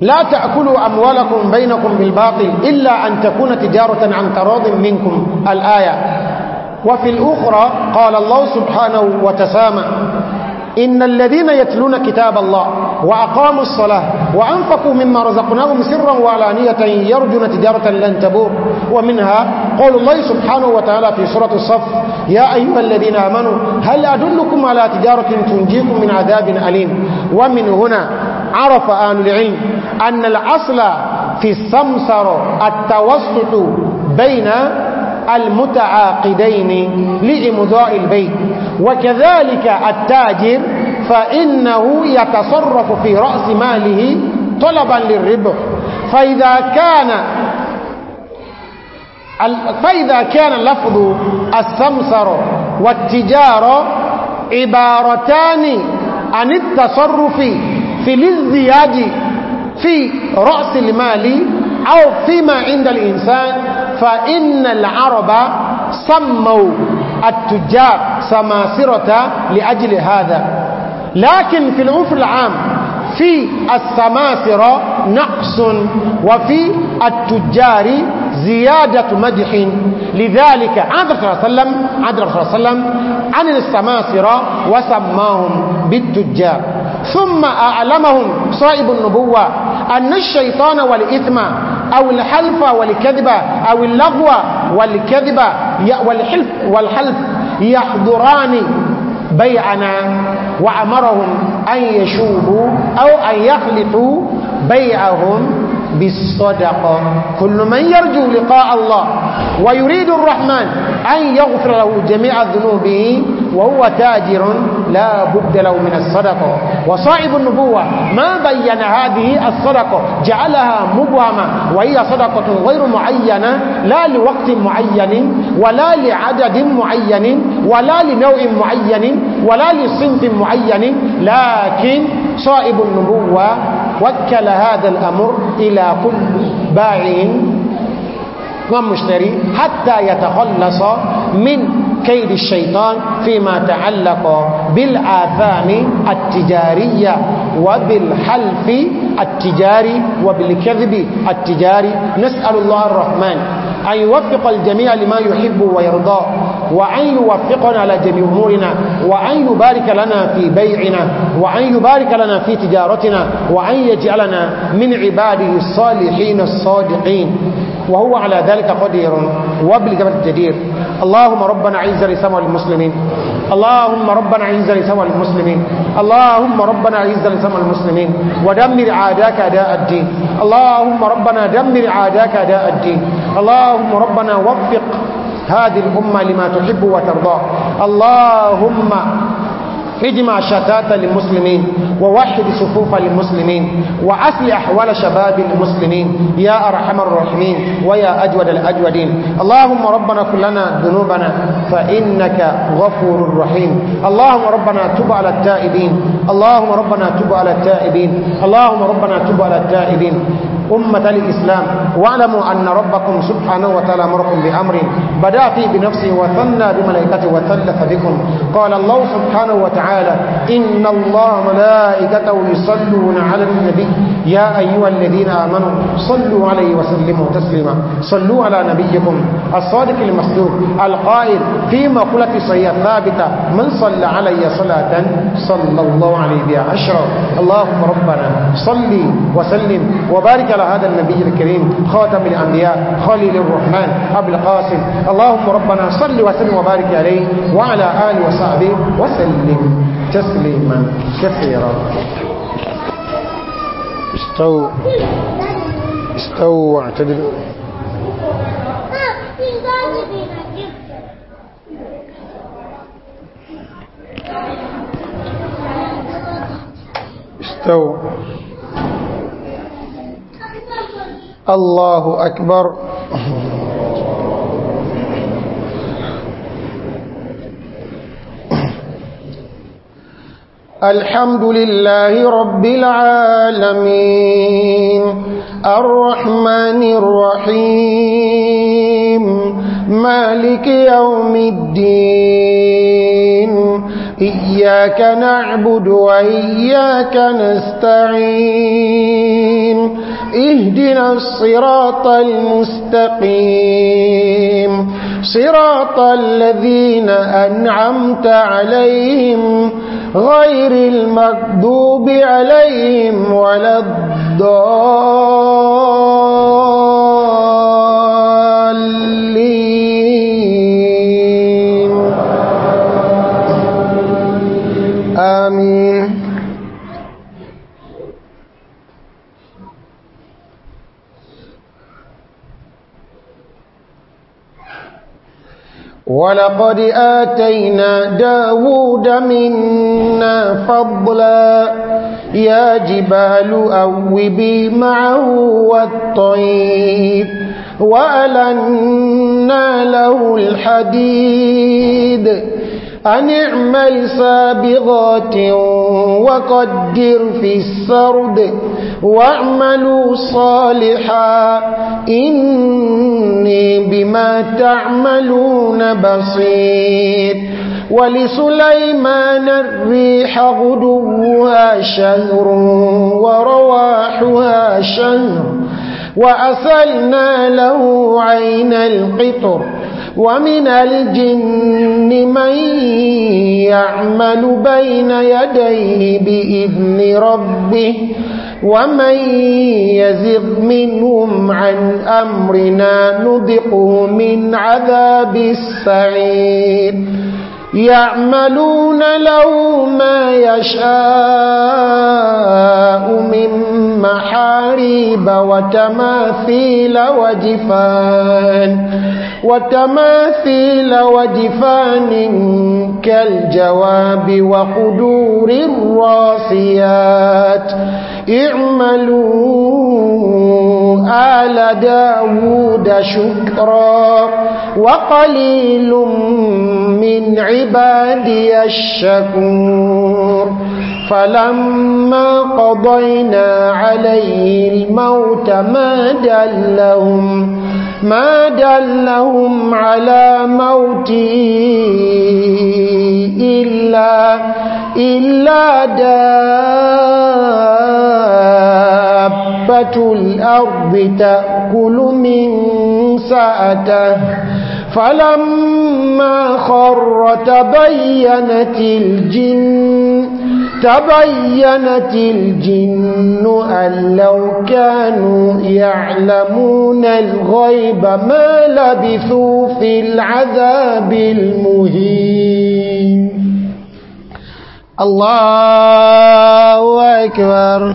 لا تأكلوا أموالكم بينكم بالباطل إلا أن تكون تجارة عن تراض منكم الآية وفي الأخرى قال الله سبحانه وتسامى إن الذين يتلون كتاب الله وأقاموا الصلاة وأنفقوا مما رزقناهم سرا وعلانية يرجون تجارة لن تبور ومنها قول الله سبحانه وتعالى في سورة الصف يا أيها الذين آمنوا هل أدلكم على تجارة تنجيكم من عذاب أليم ومن هنا عرف آن العلم أن الأصل في السمسر التوسط بين المتعاقدين لإمضاء البيت وكذلك التاجر فإنه يتصرف في رأس ماله طلبا للربح فإذا كان فإذا كان لفظ السمسر والتجارة عبارتان عن التصرف في الازدياد في رأس المال أو فيما عند الإنسان فإن العرب سموا التجار سماسرة لأجل هذا لكن في العنف العام في السماسرة نقص وفي التجار زيادة مدح لذلك عاد الرسول صلى الله عليه وسلم عن السماسرة وسماهم بالتجار ثم أعلمهم صائب النبوة أن الشيطان والإثم أو الحلف والكذب أو اللغو والكذب والحلف, والحلف يحضران بيعنا وأمرهم أن يشوبوا أو أن يخلطوا بيعهم بالصدقة كل من يرجو لقاء الله ويريد الرحمن أن يغفر له جميع ذنوبه وهو تاجر لا بد له من الصدقة وصاحب النبوة ما بين هذه الصدقة جعلها مبهمة وهي صدقة غير معينة لا لوقت معين ولا لعدد معين ولا لنوع معين ولا لصنف معين لكن صاحب النبوة وكل هذا الأمر إلى كل بائع ومشتري حتى يتخلص من كيد الشيطان فيما تعلق بالآثام التجارية وبالحلف التجاري وبالكذب التجاري نسأل الله الرحمن أن يوفق الجميع لما يحب ويرضى وأن يوفقنا على جميع أمورنا وأن يبارك لنا في بيعنا وأن يبارك لنا في تجارتنا وأن يجعلنا من عباده الصالحين الصادقين وهو على ذلك قدير وبالجبل الجدير اللهم ربنا عز لسوى المسلمين اللهم ربنا عز لسوى المسلمين اللهم ربنا عز لسوى المسلمين ودمر عاداك أداء الدين اللهم ربنا دمر عاداك أداء الدين اللهم ربنا وفق هذه الأمة لما تحب وترضى اللهم اجمع شتات للمسلمين ووحد صفوف للمسلمين وأسل أحوال شباب المسلمين يا أرحم الراحمين ويا أجود الأجودين اللهم ربنا كلنا ذنوبنا فإنك غفور رحيم اللهم ربنا تب على التائبين اللهم ربنا تب على التائبين اللهم ربنا تب على التائبين أمة الإسلام واعلموا أن ربكم سبحانه وتعالى مركم بأمر بدأ فيه بنفسه وثنى بملائكته وثلث بكم قال الله سبحانه وتعالى إن الله ملائكته يصلون على النبي يا أيها الذين آمنوا صلوا عليه وسلموا تسليما صلوا على نبيكم الصادق المصدوق القائل في مقولة صحية ثابتة من صلى علي صلاة صلى الله عليه بها أشرا اللهم ربنا صلي وسلم وبارك على هذا النبي الكريم خاتم الأنبياء خليل الرحمن أبو القاسم اللهم ربنا صل وسلم وبارك عليه وعلى آله وصحبه وسلم تسليما كثيرا استو استو واعتدلوا استو الله أكبر الحمد لله رب العالمين الرحمن الرحيم مالك يوم الدين إياك نعبد وإياك نستعين اهدنا الصراط المستقيم صراط الذين أنعمت عليهم غير المكذوب عليهم ولا الضالين آمين ولقد آتينا داود منا فضلا يا جبال أوبي معه والطير وألنا له الحديد أن اعمل سابغات وقدر في السرد واعملوا صالحا إني بما تعملون بصير ولسليمان الريح غدوها شهر ورواحها شهر وأسلنا له عين القطر ومن الجن من يعمل بين يديه بإذن ربه ومن يزغ منهم عن أمرنا نذقه من عذاب السعير يعملون له ما يشاء من محاريب وتماثيل وجفان وتماثيل وجفان كالجواب وقدور الراسيات اعملون آل داود شكرا وقليل من عبادي الشكور فلما قضينا عليه الموت ما دلهم ما دلهم على موته إلا إلا دار الأرض تأكل من سأته فلما خر تبينت الجن تبينت الجن أن لو كانوا يعلمون الغيب ما لبثوا في العذاب المهين الله أكبر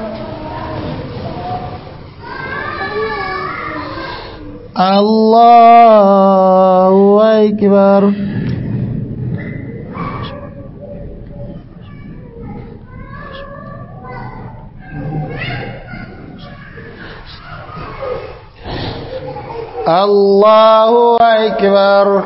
الله أكبر الله أكبر